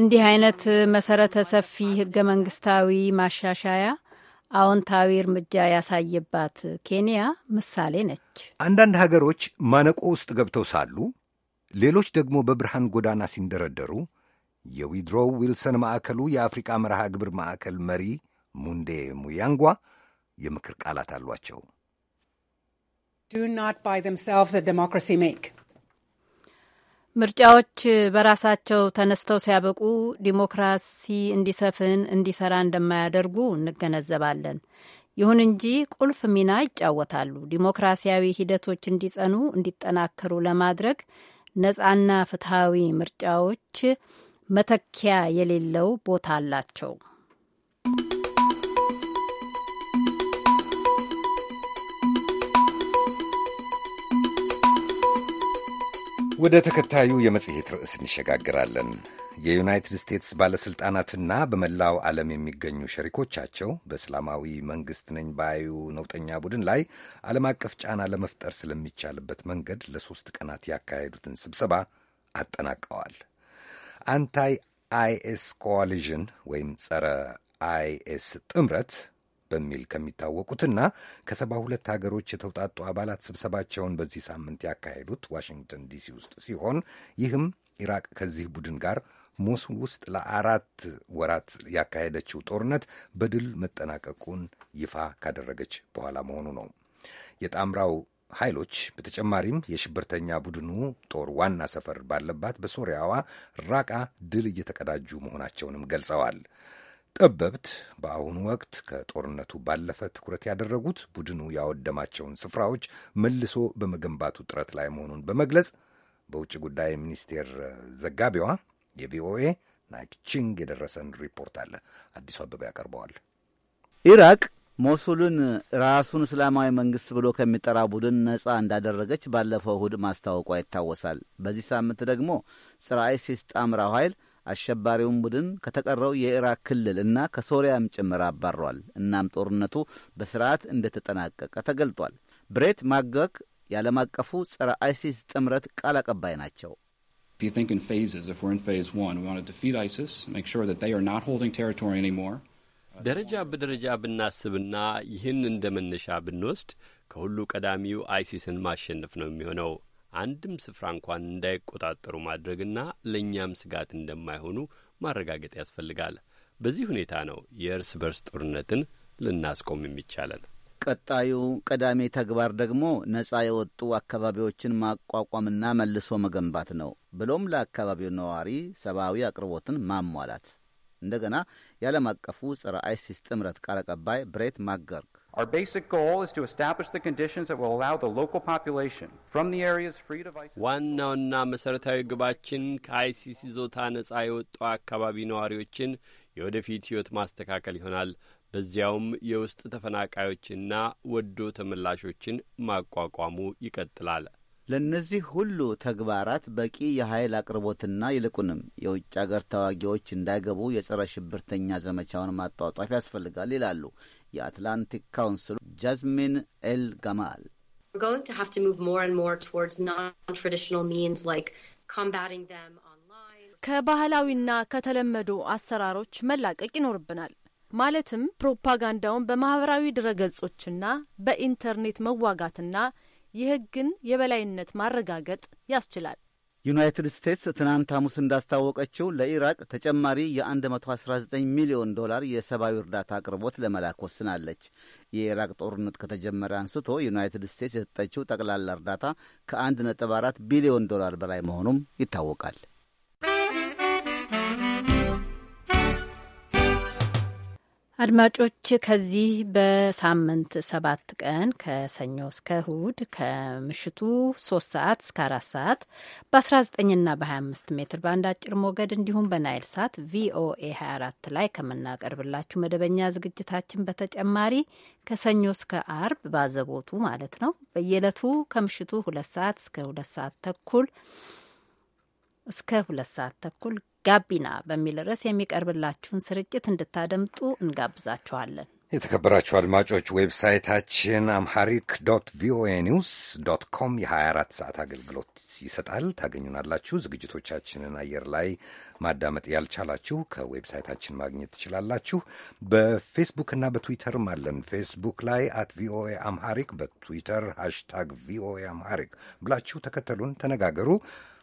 Speaker 9: እንዲህ
Speaker 1: አይነት መሰረተ ሰፊ ህገ መንግስታዊ ማሻሻያ አዎንታዊ እርምጃ ያሳየባት ኬንያ ምሳሌ ነች።
Speaker 2: አንዳንድ ሀገሮች ማነቆ ውስጥ ገብተው ሳሉ፣ ሌሎች ደግሞ በብርሃን ጎዳና ሲንደረደሩ የዊድሮው ዊልሰን ማዕከሉ የአፍሪቃ መርሃ ግብር ማዕከል መሪ ሙንዴ ሙያንጓ የምክር ቃላት አሏቸው።
Speaker 1: ዱ ኖት ባይ ዘምሰልቭስ ዲሞክራሲ ሜክ ምርጫዎች በራሳቸው ተነስተው ሲያበቁ ዲሞክራሲ እንዲሰፍን እንዲሰራ እንደማያደርጉ እንገነዘባለን። ይሁን እንጂ ቁልፍ ሚና ይጫወታሉ። ዲሞክራሲያዊ ሂደቶች እንዲጸኑ፣ እንዲጠናከሩ ለማድረግ ነጻና ፍትሐዊ ምርጫዎች መተኪያ የሌለው ቦታ አላቸው።
Speaker 2: ወደ ተከታዩ የመጽሔት ርዕስ እንሸጋግራለን። የዩናይትድ ስቴትስ ባለሥልጣናትና በመላው ዓለም የሚገኙ ሸሪኮቻቸው በእስላማዊ መንግሥት ነኝ ባዩ ነውጠኛ ቡድን ላይ ዓለም አቀፍ ጫና ለመፍጠር ስለሚቻልበት መንገድ ለሦስት ቀናት ያካሄዱትን ስብሰባ አጠናቀዋል። አንታይ አይኤስ ኮዋሊዥን ወይም ጸረ አይኤስ ጥምረት በሚል ከሚታወቁትና ከሰባ ሁለት ሀገሮች የተውጣጡ አባላት ስብሰባቸውን በዚህ ሳምንት ያካሄዱት ዋሽንግተን ዲሲ ውስጥ ሲሆን ይህም ኢራቅ ከዚህ ቡድን ጋር ሞሱል ውስጥ ለአራት ወራት ያካሄደችው ጦርነት በድል መጠናቀቁን ይፋ ካደረገች በኋላ መሆኑ ነው። የጣምራው ኃይሎች በተጨማሪም የሽብርተኛ ቡድኑ ጦር ዋና ሰፈር ባለባት በሶሪያዋ ራቃ ድል እየተቀዳጁ መሆናቸውንም ገልጸዋል። ጠበብት በአሁኑ ወቅት ከጦርነቱ ባለፈ ትኩረት ያደረጉት ቡድኑ ያወደማቸውን ስፍራዎች መልሶ በመገንባቱ ጥረት ላይ መሆኑን በመግለጽ በውጭ ጉዳይ ሚኒስቴር ዘጋቢዋ የቪኦኤ ናይኪቺንግ የደረሰን ሪፖርት አለ። አዲሱ አበባ ያቀርበዋል።
Speaker 11: ኢራቅ ሞሱልን ራሱን እስላማዊ መንግስት ብሎ ከሚጠራ ቡድን ነጻ እንዳደረገች ባለፈው እሁድ ማስታወቋ ይታወሳል። በዚህ ሳምንት ደግሞ ጸረ ጣምራው ኃይል አሸባሪውን ቡድን ከተቀረው የኢራቅ ክልል እና ከሶሪያም ጭምር አባሯል። እናም ጦርነቱ በስርዓት እንደተጠናቀቀ ተገልጧል። ብሬት ማገክ የዓለም አቀፉ ጸረ አይሲስ ጥምረት ቃል አቀባይ ናቸው።
Speaker 12: ደረጃ በደረጃ ብናስብና ይህን እንደ መነሻ ብንወስድ ከሁሉ ቀዳሚው አይሲስን ማሸነፍ ነው የሚሆነው። አንድም ስፍራ እንኳን እንዳይቆጣጠሩ ማድረግና ለእኛም ስጋት እንደማይሆኑ ማረጋገጥ ያስፈልጋል። በዚህ ሁኔታ ነው የእርስ በርስ ጦርነትን ልናስቆም የሚቻለን።
Speaker 11: ቀጣዩ ቀዳሚ ተግባር ደግሞ ነጻ የወጡ አካባቢዎችን ማቋቋምና መልሶ መገንባት ነው። ብሎም ለአካባቢው ነዋሪ ሰብአዊ አቅርቦትን ማሟላት። እንደገና የዓለም አቀፉ ጸረ አይሲስ ጥምረት ቃል አቀባይ ብሬት ማክገርግ Our basic goal is to establish the conditions that will allow the local population from the areas free of ISIS. ዋናውና መሰረታዊ
Speaker 12: ግባችን ከአይሲስ ይዞታ ነጻ የወጡ አካባቢ ነዋሪዎችን የወደፊት ህይወት ማስተካከል ይሆናል። በዚያውም የውስጥ ተፈናቃዮችና ወዶ ተመላሾችን ማቋቋሙ ይቀጥላል።
Speaker 11: ለእነዚህ ሁሉ ተግባራት በቂ የኃይል አቅርቦትና ይልቁንም የውጭ አገር ተዋጊዎች እንዳይገቡ የጸረ ሽብርተኛ ዘመቻውን ማጧጧፍ ያስፈልጋል ይላሉ የአትላንቲክ ካውንስሉ ጃዝሚን ኤል ጋማል
Speaker 4: ከባህላዊና ከተለመዱ አሰራሮች መላቀቅ ይኖርብናል። ማለትም ፕሮፓጋንዳውን በማህበራዊ ድረገጾችና በኢንተርኔት መዋጋትና የሕግን የበላይነት ማረጋገጥ ያስችላል።
Speaker 11: ዩናይትድ ስቴትስ ትናንት ሐሙስ እንዳስታወቀችው ለኢራቅ ተጨማሪ የ119 ሚሊዮን ዶላር የሰብአዊ እርዳታ አቅርቦት ለመላክ ወስናለች። የኢራቅ ጦርነት ከተጀመረ አንስቶ ዩናይትድ ስቴትስ የሰጠችው ጠቅላላ እርዳታ ከ1.4 ቢሊዮን ዶላር በላይ መሆኑም ይታወቃል።
Speaker 1: አድማጮች ከዚህ በሳምንት ሰባት ቀን ከሰኞ እስከ እሁድ ከምሽቱ ሶስት ሰዓት እስከ አራት ሰዓት በ19ና በ25 ሜትር ባንድ አጭር ሞገድ እንዲሁም በናይል ሳት ቪኦኤ 24 ላይ ከምናቀርብላችሁ መደበኛ ዝግጅታችን በተጨማሪ ከሰኞ እስከ አርብ ባዘቦቱ ማለት ነው በየዕለቱ ከምሽቱ ሁለት ሰዓት እስከ ሁለት ሰዓት ተኩል እስከ ሁለት ሰዓት ተኩል ጋቢና በሚል ርዕስ የሚቀርብላችሁን ስርጭት እንድታደምጡ እንጋብዛችኋለን።
Speaker 2: የተከበራችሁ አድማጮች ዌብሳይታችን አምሐሪክ ዶት ቪኦኤ ኒውስ ዶት ኮም የ24 ሰዓት አገልግሎት ይሰጣል። ታገኙናላችሁ። ዝግጅቶቻችንን አየር ላይ ማዳመጥ ያልቻላችሁ ከዌብሳይታችን ማግኘት ትችላላችሁ። በፌስቡክ እና በትዊተርም አለን። ፌስቡክ ላይ አት ቪኦኤ አምሐሪክ፣ በትዊተር ሃሽታግ ቪኦኤ አምሐሪክ ብላችሁ ተከተሉን፣ ተነጋገሩ፣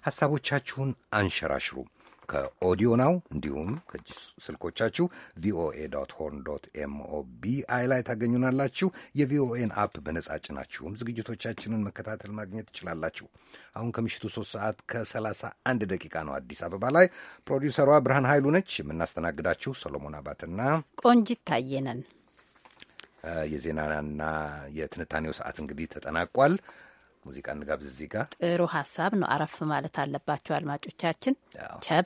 Speaker 2: ሐሳቦቻችሁን አንሸራሽሩ። ከኦዲዮ ናው እንዲሁም ከእጅ ስልኮቻችሁ ቪኦኤ ዶት ሆርን ዶት ኤምኦቢአይ ላይ ታገኙናላችሁ። የቪኦኤን አፕ በነጻ ጭናችሁም ዝግጅቶቻችንን መከታተል ማግኘት ትችላላችሁ። አሁን ከምሽቱ ሶስት ሰዓት ከሰላሳ አንድ ደቂቃ ነው አዲስ አበባ ላይ። ፕሮዲውሰሯ ብርሃን ኃይሉ ነች። የምናስተናግዳችሁ ሰሎሞን አባትና
Speaker 1: ቆንጂት ታየነን።
Speaker 2: የዜናና የትንታኔው ሰዓት እንግዲህ ተጠናቋል። ሙዚቃ እንጋብዝ። እዚህ ጋር
Speaker 1: ጥሩ ሀሳብ ነው። አረፍ ማለት አለባቸው አድማጮቻችን ቸብ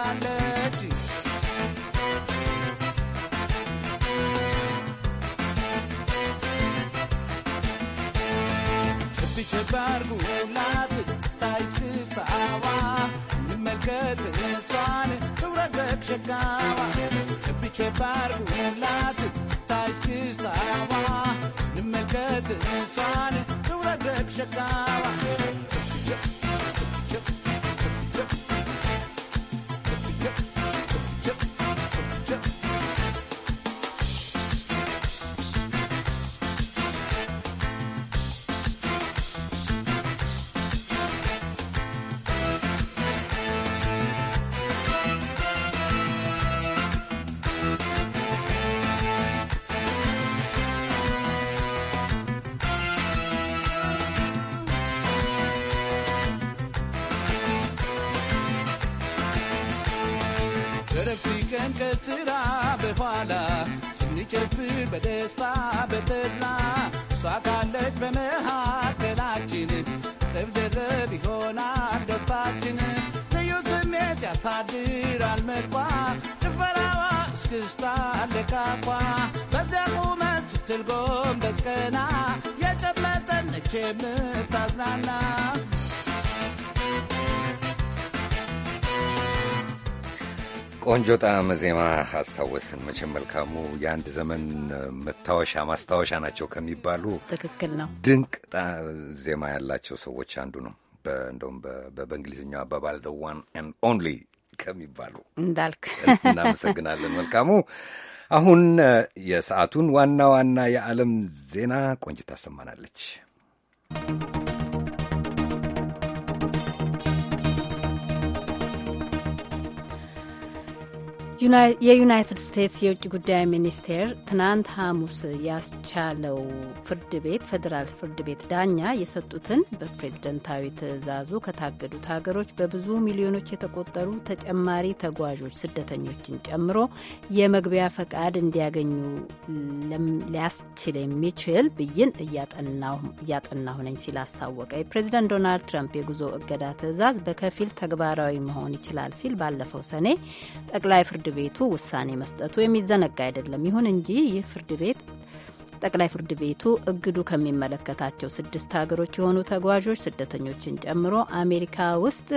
Speaker 10: شبارقو لا ስትል ጎንበስ ቀና የጨበጠነች የምታዝናና
Speaker 2: ቆንጆ ጣዕመ ዜማ አስታወስን። መቼም መልካሙ የአንድ ዘመን መታወሻ ማስታወሻ ናቸው ከሚባሉ
Speaker 1: ትክክል ነው። ድንቅ
Speaker 2: ዜማ ያላቸው ሰዎች አንዱ ነው። እንደውም በእንግሊዝኛው አባባል ዘ ዋን ኤንድ ኦንሊ ከሚባሉ
Speaker 1: እንዳልክ እናመሰግናለን
Speaker 2: መልካሙ። አሁን የሰዓቱን ዋና ዋና የዓለም ዜና ቆንጅት ታሰማናለች።
Speaker 1: የዩናይትድ ስቴትስ የውጭ ጉዳይ ሚኒስቴር ትናንት ሐሙስ ያስቻለው ፍርድ ቤት ፌዴራል ፍርድ ቤት ዳኛ የሰጡትን በፕሬዝደንታዊ ትዕዛዙ ከታገዱት ሀገሮች በብዙ ሚሊዮኖች የተቆጠሩ ተጨማሪ ተጓዦች ስደተኞችን ጨምሮ የመግቢያ ፈቃድ እንዲያገኙ ሊያስችል የሚችል ብይን እያጠናሁ ነኝ ሲል አስታወቀ። የፕሬዝደንት ዶናልድ ትራምፕ የጉዞ እገዳ ትዕዛዝ በከፊል ተግባራዊ መሆን ይችላል ሲል ባለፈው ሰኔ ጠቅላይ ፍርድ ቤቱ ውሳኔ መስጠቱ የሚዘነጋ አይደለም። ይሁን እንጂ ይህ ፍርድ ቤት ጠቅላይ ፍርድ ቤቱ እግዱ ከሚመለከታቸው ስድስት ሀገሮች የሆኑ ተጓዦች ስደተኞችን ጨምሮ አሜሪካ ውስጥ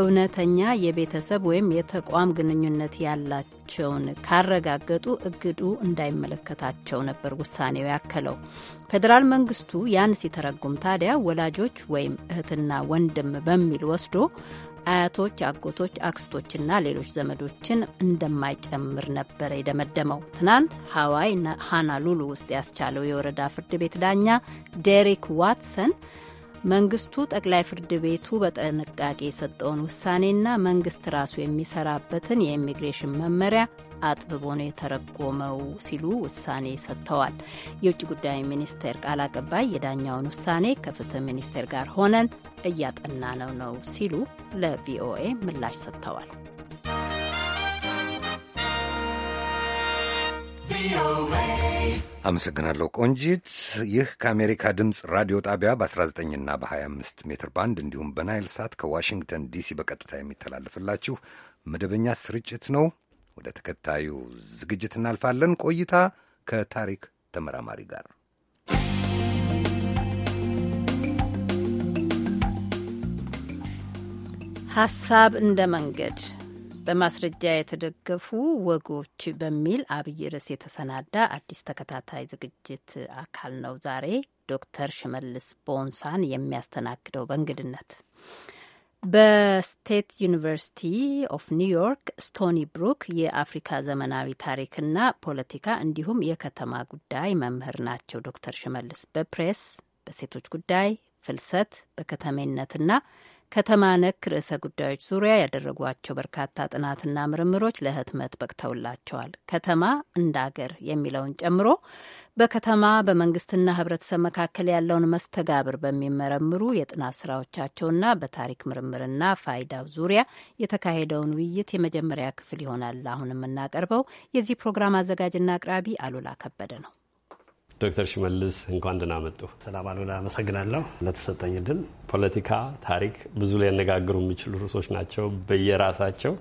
Speaker 1: እውነተኛ የቤተሰብ ወይም የተቋም ግንኙነት ያላቸውን ካረጋገጡ እግዱ እንዳይመለከታቸው ነበር ውሳኔው ያከለው። ፌዴራል መንግስቱ ያን ሲተረጉም ታዲያ ወላጆች ወይም እህትና ወንድም በሚል ወስዶ አያቶች፣ አጎቶች፣ አክስቶችና ሌሎች ዘመዶችን እንደማይጨምር ነበር የደመደመው። ትናንት ሀዋይ ሃናሉሉ ውስጥ ያስቻለው የወረዳ ፍርድ ቤት ዳኛ ዴሪክ ዋትሰን መንግስቱ ጠቅላይ ፍርድ ቤቱ በጥንቃቄ የሰጠውን ውሳኔና መንግስት ራሱ የሚሰራበትን የኢሚግሬሽን መመሪያ አጥብቦ ነው የተረጎመው ሲሉ ውሳኔ ሰጥተዋል። የውጭ ጉዳይ ሚኒስቴር ቃል አቀባይ የዳኛውን ውሳኔ ከፍትህ ሚኒስቴር ጋር ሆነን እያጠና ነው ነው ሲሉ ለቪኦኤ ምላሽ ሰጥተዋል።
Speaker 2: አመሰግናለሁ ቆንጂት። ይህ ከአሜሪካ ድምፅ ራዲዮ ጣቢያ በ19ና በ25 ሜትር ባንድ እንዲሁም በናይል ሳት ከዋሽንግተን ዲሲ በቀጥታ የሚተላለፍላችሁ መደበኛ ስርጭት ነው። ወደ ተከታዩ ዝግጅት እናልፋለን። ቆይታ ከታሪክ ተመራማሪ ጋር
Speaker 1: ሀሳብ እንደ መንገድ በማስረጃ የተደገፉ ወጎች በሚል አብይ ርዕስ የተሰናዳ አዲስ ተከታታይ ዝግጅት አካል ነው። ዛሬ ዶክተር ሽመልስ ቦንሳን የሚያስተናግደው በእንግድነት በስቴት ዩኒቨርሲቲ ኦፍ ኒውዮርክ ስቶኒ ብሩክ የአፍሪካ ዘመናዊ ታሪክና ፖለቲካ እንዲሁም የከተማ ጉዳይ መምህር ናቸው። ዶክተር ሽመልስ በፕሬስ በሴቶች ጉዳይ ፍልሰት፣ በከተሜነትና ከተማ ነክ ርዕሰ ጉዳዮች ዙሪያ ያደረጓቸው በርካታ ጥናትና ምርምሮች ለህትመት በቅተውላቸዋል። ከተማ እንደ አገር የሚለውን ጨምሮ በከተማ በመንግስትና ህብረተሰብ መካከል ያለውን መስተጋብር በሚመረምሩ የጥናት ስራዎቻቸውና በታሪክ ምርምርና ፋይዳው ዙሪያ የተካሄደውን ውይይት የመጀመሪያ ክፍል ይሆናል አሁን የምናቀርበው። የዚህ ፕሮግራም አዘጋጅና አቅራቢ አሉላ ከበደ ነው።
Speaker 12: ዶክተር ሽመልስ እንኳን ደህና መጡ። ሰላም አሉላ፣ አመሰግናለሁ ለተሰጠኝ እድል። ፖለቲካ፣ ታሪክ ብዙ ሊያነጋግሩ የሚችሉ ርዕሶች ናቸው በየራሳቸው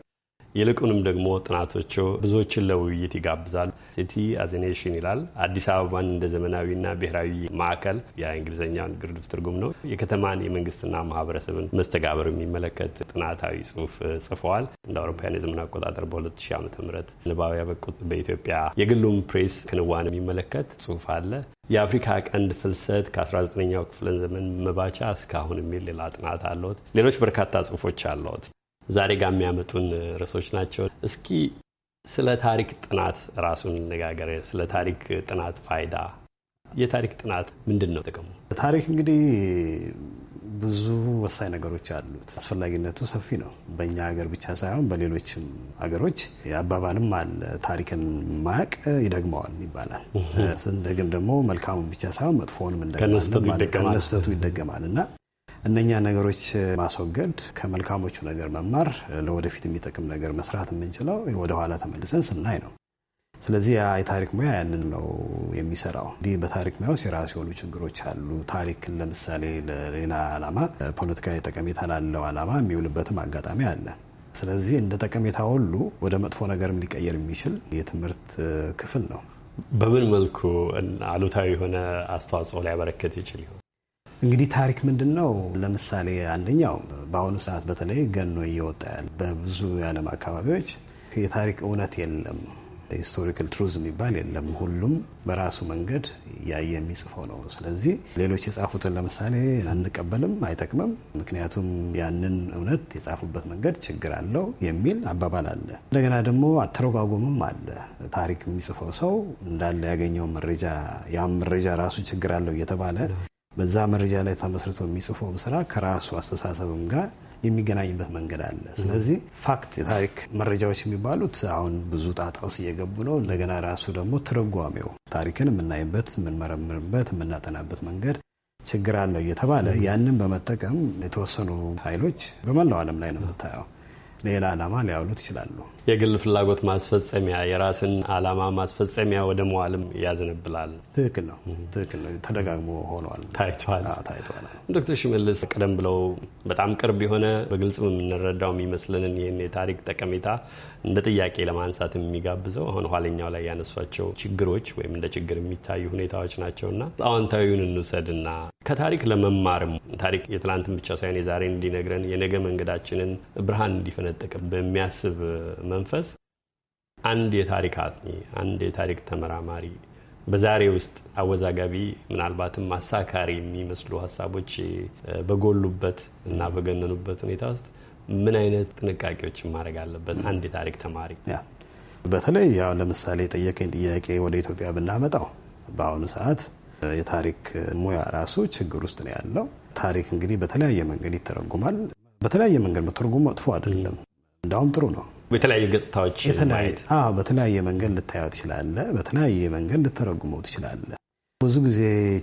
Speaker 12: ይልቁንም ደግሞ ጥናቶቹ ብዙዎችን ለውይይት ይጋብዛል። ሲቲ አዜኔሽን ይላል አዲስ አበባን እንደ ዘመናዊና ብሔራዊ ማዕከል የእንግሊዝኛውን ግርድፍ ትርጉም ነው። የከተማን የመንግስትና ማህበረሰብን መስተጋበር የሚመለከት ጥናታዊ ጽሁፍ ጽፈዋል። እንደ አውሮፓውያን የዘመን አቆጣጠር በ2000 ዓ ም ንባብ ያበቁት በኢትዮጵያ የግሉም ፕሬስ ክንዋን የሚመለከት ጽሁፍ አለ። የአፍሪካ ቀንድ ፍልሰት ከ19ኛው ክፍለ ዘመን መባቻ እስካሁን የሚል ሌላ ጥናት አለዎት። ሌሎች በርካታ ጽሁፎች አለዎት። ዛሬ ጋር የሚያመጡን ርዕሶች ናቸው። እስኪ ስለ ታሪክ ጥናት ራሱን እንነጋገር። ስለ ታሪክ ጥናት ፋይዳ፣ የታሪክ ጥናት ምንድን ነው ጥቅሙ?
Speaker 6: ታሪክ እንግዲህ ብዙ ወሳኝ ነገሮች አሉት። አስፈላጊነቱ ሰፊ ነው። በእኛ ሀገር ብቻ ሳይሆን በሌሎችም ሀገሮች አባባልም አለ፣ ታሪክን ማቅ ይደግመዋል ይባላል። ስንደግም ደግሞ መልካሙን ብቻ ሳይሆን መጥፎውንም ከነስተቱ ይደገማል እና እነኛ ነገሮች ማስወገድ፣ ከመልካሞቹ ነገር መማር፣ ለወደፊት የሚጠቅም ነገር መስራት የምንችለው ወደኋላ ተመልሰን ስናይ ነው። ስለዚህ የታሪክ ሙያ ያንን ነው የሚሰራው። እንዲህ በታሪክ ሙያ ውስጥ የራሱ የሆኑ ችግሮች አሉ። ታሪክን ለምሳሌ ለሌላ ዓላማ፣ ፖለቲካዊ ጠቀሜታ ላለው ዓላማ የሚውልበትም አጋጣሚ አለ። ስለዚህ እንደ ጠቀሜታ ሁሉ ወደ መጥፎ ነገርም ሊቀየር የሚችል የትምህርት ክፍል ነው።
Speaker 12: በምን መልኩ አሉታዊ የሆነ አስተዋጽኦ ሊያበረከት ይችል ይሆን?
Speaker 6: እንግዲህ ታሪክ ምንድን ነው? ለምሳሌ አንደኛው በአሁኑ ሰዓት በተለይ ገኖ እየወጣ ያለ በብዙ የዓለም አካባቢዎች የታሪክ እውነት የለም፣ ሂስቶሪካል ትሩዝ የሚባል የለም። ሁሉም በራሱ መንገድ ያየ የሚጽፈው ነው። ስለዚህ ሌሎች የጻፉትን ለምሳሌ አንቀበልም፣ አይጠቅምም፣ ምክንያቱም ያንን እውነት የጻፉበት መንገድ ችግር አለው የሚል አባባል አለ። እንደገና ደግሞ አተረጓጎምም አለ። ታሪክ የሚጽፈው ሰው እንዳለ ያገኘው መረጃ ያም መረጃ ራሱ ችግር አለው እየተባለ በዛ መረጃ ላይ ተመስርቶ የሚጽፈውም ስራ ከራሱ አስተሳሰብም ጋር የሚገናኝበት መንገድ አለ። ስለዚህ ፋክት የታሪክ መረጃዎች የሚባሉት አሁን ብዙ ጣጣ ውስጥ እየገቡ ነው። እንደገና ራሱ ደግሞ ትርጓሜው ታሪክን የምናይበት፣ የምንመረምርበት፣ የምናጠናበት መንገድ ችግር አለው እየተባለ ያንን በመጠቀም የተወሰኑ ኃይሎች በመላው ዓለም ላይ ነው የምታየው። ሌላ ዓላማ
Speaker 12: ሊያውሉት ይችላሉ። የግል ፍላጎት ማስፈጸሚያ፣ የራስን ዓላማ ማስፈጸሚያ ወደ መዋልም ያዘነብላል። ትክክል ነው፣ ትክክል ነው። ተደጋግሞ ሆኗል፣ ታይቷል፣ ታይቷል። ዶክተር ሽመልስ ቀደም ብለው በጣም ቅርብ የሆነ በግልጽ የምንረዳው የሚመስልንን ይህን የታሪክ ጠቀሜታ እንደ ጥያቄ ለማንሳት የሚጋብዘው አሁን ኋለኛው ላይ ያነሷቸው ችግሮች ወይም እንደ ችግር የሚታዩ ሁኔታዎች ናቸውና አዎንታዊውን እንውሰድና ከታሪክ ለመማርም ታሪክ የትላንትን ብቻ ሳይሆን የዛሬን እንዲነግረን የነገ መንገዳችንን ብርሃን እንዲፈነጥቅ በሚያስብ መንፈስ አንድ የታሪክ አጥኚ፣ አንድ የታሪክ ተመራማሪ በዛሬ ውስጥ አወዛጋቢ ምናልባትም አሳካሪ የሚመስሉ ሀሳቦች በጎሉበት እና በገነኑበት ሁኔታ ውስጥ ምን አይነት ጥንቃቄዎችን ማድረግ አለበት? አንድ የታሪክ ተማሪ
Speaker 6: በተለይ ያው ለምሳሌ የጠየቀኝ ጥያቄ ወደ ኢትዮጵያ ብናመጣው በአሁኑ ሰዓት የታሪክ ሙያ ራሱ ችግር ውስጥ ነው ያለው። ታሪክ እንግዲህ በተለያየ መንገድ ይተረጉማል። በተለያየ መንገድ መተርጎም መጥፎ አይደለም፣ እንዳውም ጥሩ ነው።
Speaker 12: የተለያዩ ገጽታዎች ማየት
Speaker 6: በተለያየ መንገድ ልታየው ትችላለ፣ በተለያየ መንገድ ልተረጉመው ትችላለ። ብዙ ጊዜ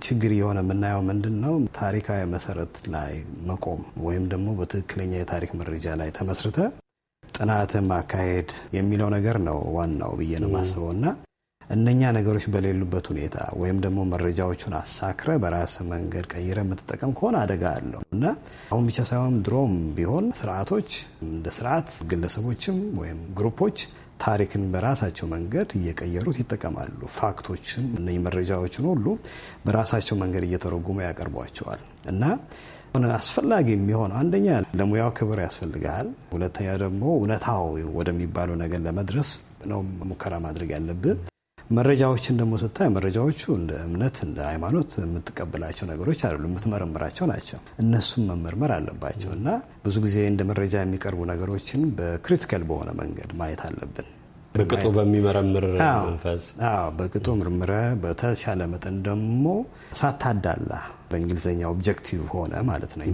Speaker 6: ችግር የሆነ የምናየው ምንድን ነው ታሪካዊ መሰረት ላይ መቆም ወይም ደግሞ በትክክለኛ የታሪክ መረጃ ላይ ተመስርተ ጥናትን ማካሄድ የሚለው ነገር ነው ዋናው ብዬ ነው ማስበው እና እነኛ ነገሮች በሌሉበት ሁኔታ ወይም ደግሞ መረጃዎቹን አሳክረ በራስ መንገድ ቀይረ የምትጠቀም ከሆነ አደጋ አለው እና አሁን ብቻ ሳይሆን ድሮም ቢሆን ስርዓቶች እንደ ስርዓት ግለሰቦችም ወይም ግሩፖች ታሪክን በራሳቸው መንገድ እየቀየሩት ይጠቀማሉ። ፋክቶችን እነ መረጃዎችን ሁሉ በራሳቸው መንገድ እየተረጉሙ ያቀርቧቸዋል እና ሆነ አስፈላጊ የሚሆን አንደኛ ለሙያው ክብር ያስፈልግሃል። ሁለተኛ ደግሞ እውነታው ወደሚባለው ነገር ለመድረስ ነው ሙከራ ማድረግ ያለብን። መረጃዎችን ደግሞ ስታይ መረጃዎቹ እንደ እምነት እንደ ሃይማኖት የምትቀበላቸው ነገሮች አይደሉ፣ የምትመረምራቸው ናቸው። እነሱም መመርመር አለባቸው እና ብዙ ጊዜ እንደ መረጃ የሚቀርቡ ነገሮችን በክሪቲካል በሆነ መንገድ ማየት አለብን። በቅጡ በሚመረምር መንፈስ በቅጡ ምርምረ በተቻለ መጠን ደግሞ ሳታዳላ በእንግሊዝኛ ኦብጀክቲቭ ሆነ ማለት ነው።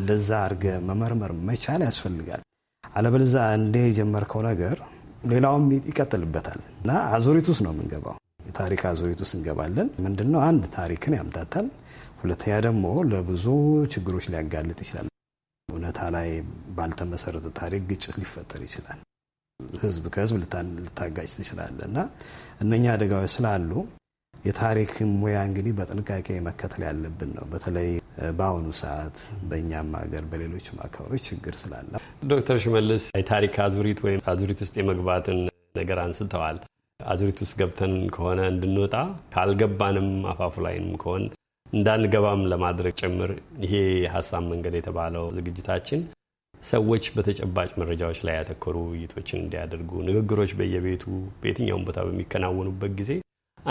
Speaker 6: እንደዛ አድርገህ መመርመር መቻል ያስፈልጋል። አለበለዚያ እንደ የጀመርከው ነገር ሌላውም ይቀጥልበታል እና አዙሪት ውስጥ ነው የምንገባው። የታሪክ አዙሪት ውስጥ እንገባለን። ምንድነው አንድ ታሪክን ያምታታል፣ ሁለተኛ ደግሞ ለብዙ ችግሮች ሊያጋልጥ ይችላል። እውነታ ላይ ባልተመሰረተ ታሪክ ግጭት ሊፈጠር ይችላል። ህዝብ ከህዝብ ልታጋጭ ትችላለ እና እነኛ አደጋዎች ስላሉ የታሪክ ሙያ እንግዲህ በጥንቃቄ መከተል ያለብን ነው። በተለይ በአሁኑ ሰዓት በእኛም ሀገር በሌሎች አካባቢዎች ችግር ስላለ።
Speaker 12: ዶክተር ሽመልስ የታሪክ አዙሪት ወይም አዙሪት ውስጥ የመግባትን ነገር አንስተዋል። አዙሪት ውስጥ ገብተን ከሆነ እንድንወጣ ካልገባንም አፋፉ ላይም ከሆን እንዳንገባም ለማድረግ ጭምር ይሄ የሀሳብ መንገድ የተባለው ዝግጅታችን ሰዎች በተጨባጭ መረጃዎች ላይ ያተኮሩ ውይይቶችን እንዲያደርጉ ንግግሮች በየቤቱ በየትኛውም ቦታ በሚከናወኑበት ጊዜ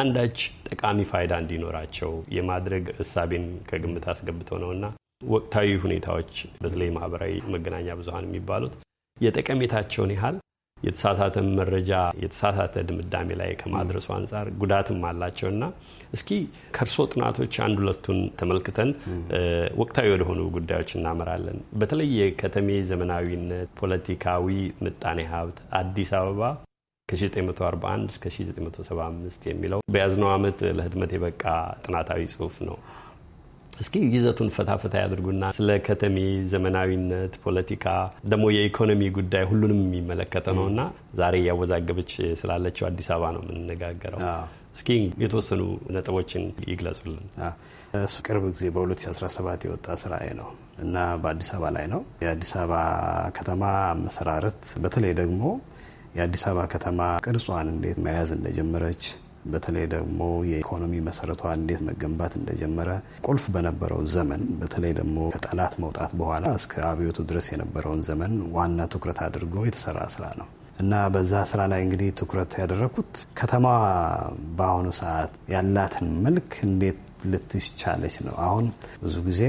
Speaker 12: አንዳች ጠቃሚ ፋይዳ እንዲኖራቸው የማድረግ እሳቤን ከግምት አስገብተው ነውና ወቅታዊ ሁኔታዎች በተለይ ማህበራዊ መገናኛ ብዙሀን የሚባሉት የጠቀሜታቸውን ያህል የተሳሳተ መረጃ የተሳሳተ ድምዳሜ ላይ ከማድረሱ አንጻር ጉዳትም አላቸውና እስኪ ከእርሶ ጥናቶች አንድ ሁለቱን ተመልክተን ወቅታዊ ወደሆኑ ጉዳዮች እናመራለን። በተለይ የከተሜ ዘመናዊነት፣ ፖለቲካዊ ምጣኔ ሀብት አዲስ አበባ ከ1941 እስከ 1975 የሚለው በያዝነው ዓመት ለህትመት የበቃ ጥናታዊ ጽሁፍ ነው። እስኪ ይዘቱን ፈታፈታ ያድርጉና ስለ ከተሜ ዘመናዊነት፣ ፖለቲካ ደግሞ የኢኮኖሚ ጉዳይ ሁሉንም የሚመለከተ ነው እና ዛሬ እያወዛገበች ስላለችው አዲስ አበባ ነው የምንነጋገረው። እስኪ የተወሰኑ ነጥቦችን ይግለጹልን። እሱ ቅርብ ጊዜ
Speaker 6: በ2017 የወጣ ስራዬ ነው እና በአዲስ አበባ ላይ ነው። የአዲስ አበባ ከተማ መሰራረት በተለይ ደግሞ የአዲስ አበባ ከተማ ቅርጿን እንዴት መያዝ እንደጀመረች በተለይ ደግሞ የኢኮኖሚ መሰረቷ እንዴት መገንባት እንደጀመረ ቁልፍ በነበረው ዘመን በተለይ ደግሞ ከጠላት መውጣት በኋላ እስከ አብዮቱ ድረስ የነበረውን ዘመን ዋና ትኩረት አድርጎ የተሰራ ስራ ነው እና በዛ ስራ ላይ እንግዲህ ትኩረት ያደረኩት ከተማዋ በአሁኑ ሰዓት ያላትን መልክ እንዴት ልትቻለች ነው። አሁን ብዙ ጊዜ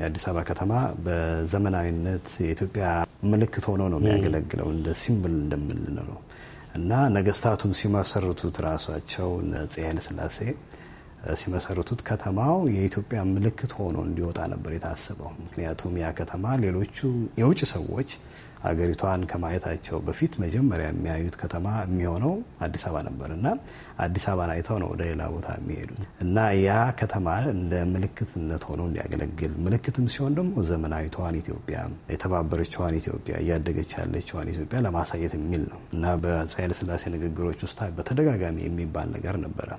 Speaker 6: የአዲስ አበባ ከተማ በዘመናዊነት የኢትዮጵያ ምልክት ሆኖ ነው የሚያገለግለው እንደ ሲምብል እንደምንለው ነው እና ነገስታቱም ሲመሰርቱት ራሳቸው አፄ ኃይለስላሴ ሲመሰርቱት ከተማው የኢትዮጵያ ምልክት ሆኖ እንዲወጣ ነበር የታሰበው። ምክንያቱም ያ ከተማ ሌሎቹ የውጭ ሰዎች አገሪቷን ከማየታቸው በፊት መጀመሪያ የሚያዩት ከተማ የሚሆነው አዲስ አበባ ነበር እና አዲስ አበባን አይተው ነው ወደ ሌላ ቦታ የሚሄዱት እና ያ ከተማ እንደ ምልክትነት ሆኖ እንዲያገለግል ምልክትም ሲሆን ደግሞ ዘመናዊቷን ኢትዮጵያ፣ የተባበረችዋን ኢትዮጵያ፣ እያደገች ያለችዋን ኢትዮጵያ ለማሳየት የሚል ነው እና በአፄ ንግግሮች ውስጥ በተደጋጋሚ የሚባል ነገር ነበረ።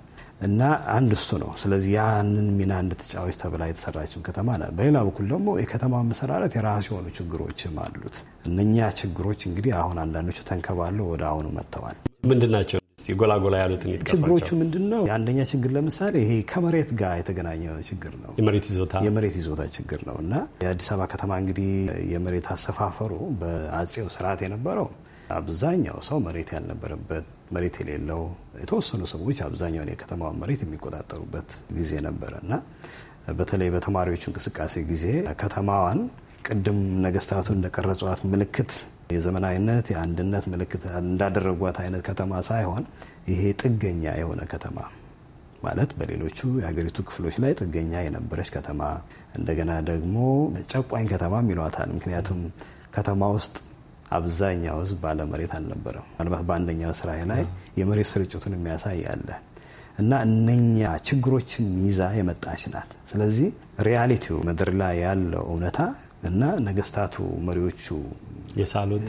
Speaker 6: እና አንድ እሱ ነው። ስለዚህ ያንን ሚና እንድትጫወች ተብላ የተሰራችም ከተማ ነ በሌላ በኩል ደግሞ የከተማ መሰራረት የራሱ የሆኑ ችግሮችም አሉት። እነኛ ችግሮች እንግዲህ አሁን አንዳንዶቹ ተንከባለው ወደ አሁኑ መጥተዋል።
Speaker 12: ምንድን ናቸው ያሉትን ችግሮቹ
Speaker 6: ምንድን ነው? የአንደኛ ችግር ለምሳሌ ይሄ ከመሬት ጋር የተገናኘ ችግር ነው። የመሬት ይዞታ ችግር ነው እና የአዲስ አበባ ከተማ እንግዲህ የመሬት አሰፋፈሩ በአጼው ስርዓት የነበረው አብዛኛው ሰው መሬት ያልነበረበት መሬት የሌለው የተወሰኑ ሰዎች አብዛኛውን የከተማውን መሬት የሚቆጣጠሩበት ጊዜ ነበረ እና በተለይ በተማሪዎች እንቅስቃሴ ጊዜ ከተማዋን ቅድም ነገስታቱ እንደቀረጿት ምልክት የዘመናዊነት የአንድነት ምልክት እንዳደረጓት አይነት ከተማ ሳይሆን ይሄ ጥገኛ የሆነ ከተማ ማለት በሌሎቹ የሀገሪቱ ክፍሎች ላይ ጥገኛ የነበረች ከተማ እንደገና ደግሞ ጨቋኝ ከተማ ይሏታል። ምክንያቱም ከተማ ውስጥ አብዛኛው ህዝብ ባለመሬት አልነበረም። ምናልባት በአንደኛው ስራ ላይ የመሬት ስርጭቱን የሚያሳይ አለ እና እነኛ ችግሮችን ይዛ የመጣች ናት። ስለዚህ ሪያሊቲው ምድር ላይ ያለው እውነታ እና ነገስታቱ መሪዎቹ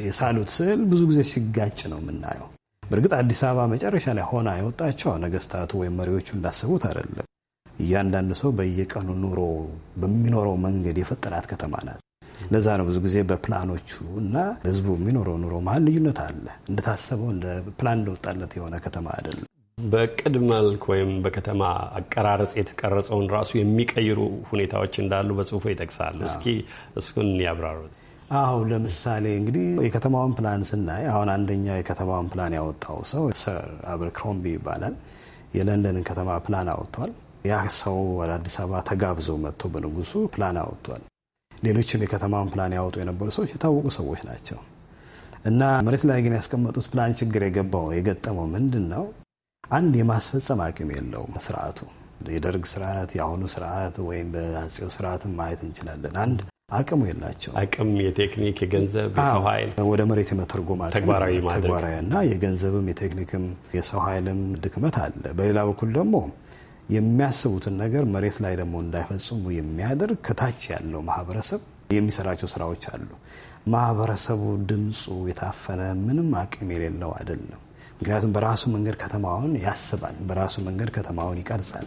Speaker 6: የሳሉት ስዕል ብዙ ጊዜ ሲጋጭ ነው የምናየው። በእርግጥ አዲስ አበባ መጨረሻ ላይ ሆና የወጣቸው ነገስታቱ ወይም መሪዎቹ እንዳሰቡት አይደለም። እያንዳንዱ ሰው በየቀኑ ኑሮ በሚኖረው መንገድ የፈጠራት ከተማ ናት። ለዛ ነው ብዙ ጊዜ በፕላኖቹ እና ህዝቡ የሚኖረው ኑሮ መሀል ልዩነት አለ። እንደታሰበው እንደ ፕላን እንደወጣለት የሆነ ከተማ አይደለም።
Speaker 12: በቅድ መልክ ወይም በከተማ አቀራረጽ የተቀረጸውን ራሱ የሚቀይሩ ሁኔታዎች እንዳሉ በጽሁፎ ይጠቅሳሉ። እስኪ እሱን ያብራሩት።
Speaker 6: አዎ ለምሳሌ እንግዲህ የከተማውን ፕላን ስናይ አሁን አንደኛ የከተማውን ፕላን ያወጣው ሰው ሰር ክሮምቢ ይባላል። የለንደንን ከተማ ፕላን አወጥቷል። ያ ሰው ወደ አዲስ አበባ ተጋብዞ መጥቶ በንጉሱ ፕላን አወጥቷል። ሌሎችም የከተማውን ፕላን ያወጡ የነበሩ ሰዎች የታወቁ ሰዎች ናቸው እና መሬት ላይ ግን ያስቀመጡት ፕላን ችግር የገባው የገጠመው ምንድን ነው? አንድ የማስፈጸም አቅም የለውም ስርዓቱ። የደርግ ስርዓት፣ የአሁኑ ስርዓት ወይም በአጼው ስርዓትን ማየት እንችላለን። አንድ አቅሙ የላቸው
Speaker 12: አቅም የቴክኒክ የገንዘብ የሰው ኃይል ወደ መሬት
Speaker 6: የመተርጎም ተግባራዊ እና የገንዘብም የቴክኒክም የሰው ኃይልም ድክመት አለ። በሌላ በኩል ደግሞ የሚያስቡትን ነገር መሬት ላይ ደግሞ እንዳይፈጽሙ የሚያደርግ ከታች ያለው ማህበረሰብ የሚሰራቸው ስራዎች አሉ። ማህበረሰቡ ድምፁ የታፈነ ምንም አቅም የሌለው አይደለም። ምክንያቱም በራሱ መንገድ ከተማውን ያስባል፣ በራሱ መንገድ ከተማውን ይቀርጻል።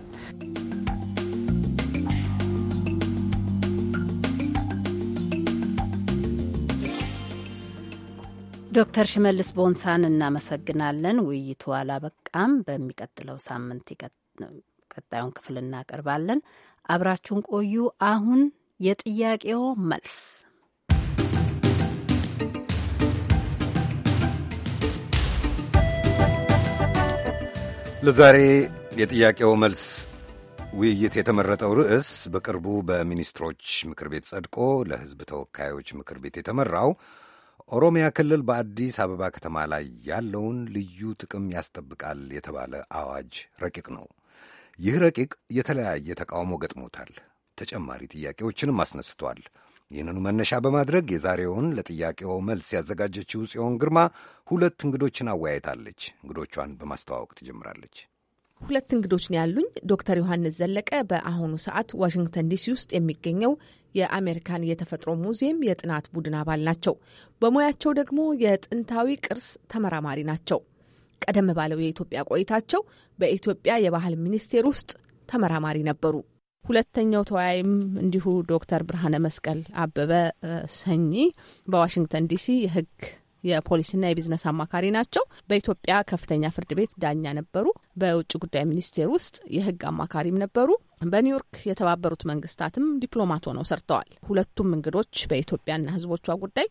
Speaker 1: ዶክተር ሽመልስ ቦንሳን እናመሰግናለን። ውይይቱ አላበቃም። በሚቀጥለው ሳምንት ይቀጥላል። ቀጣዩን ክፍል እናቀርባለን። አብራችሁን ቆዩ። አሁን የጥያቄው መልስ
Speaker 2: ለዛሬ የጥያቄው መልስ ውይይት የተመረጠው ርዕስ በቅርቡ በሚኒስትሮች ምክር ቤት ጸድቆ ለሕዝብ ተወካዮች ምክር ቤት የተመራው ኦሮሚያ ክልል በአዲስ አበባ ከተማ ላይ ያለውን ልዩ ጥቅም ያስጠብቃል የተባለ አዋጅ ረቂቅ ነው። ይህ ረቂቅ የተለያየ ተቃውሞ ገጥሞታል። ተጨማሪ ጥያቄዎችንም አስነስቷል። ይህንኑ መነሻ በማድረግ የዛሬውን ለጥያቄው መልስ ያዘጋጀችው ጽዮን ግርማ ሁለት እንግዶችን አወያይታለች። እንግዶቿን በማስተዋወቅ ትጀምራለች።
Speaker 9: ሁለት እንግዶች ነው ያሉኝ። ዶክተር ዮሐንስ ዘለቀ በአሁኑ ሰዓት ዋሽንግተን ዲሲ ውስጥ የሚገኘው የአሜሪካን የተፈጥሮ ሙዚየም የጥናት ቡድን አባል ናቸው። በሙያቸው ደግሞ የጥንታዊ ቅርስ ተመራማሪ ናቸው። ቀደም ባለው የኢትዮጵያ ቆይታቸው በኢትዮጵያ የባህል ሚኒስቴር ውስጥ ተመራማሪ ነበሩ። ሁለተኛው ተወያይም እንዲሁ ዶክተር ብርሃነ መስቀል አበበ ሰኚ በዋሽንግተን ዲሲ የሕግ የፖሊሲና የቢዝነስ አማካሪ ናቸው። በኢትዮጵያ ከፍተኛ ፍርድ ቤት ዳኛ ነበሩ። በውጭ ጉዳይ ሚኒስቴር ውስጥ የህግ አማካሪም ነበሩ። በኒውዮርክ የተባበሩት መንግስታትም ዲፕሎማት ሆነው ሰርተዋል። ሁለቱም እንግዶች በኢትዮጵያና ህዝቦቿ ጉዳይ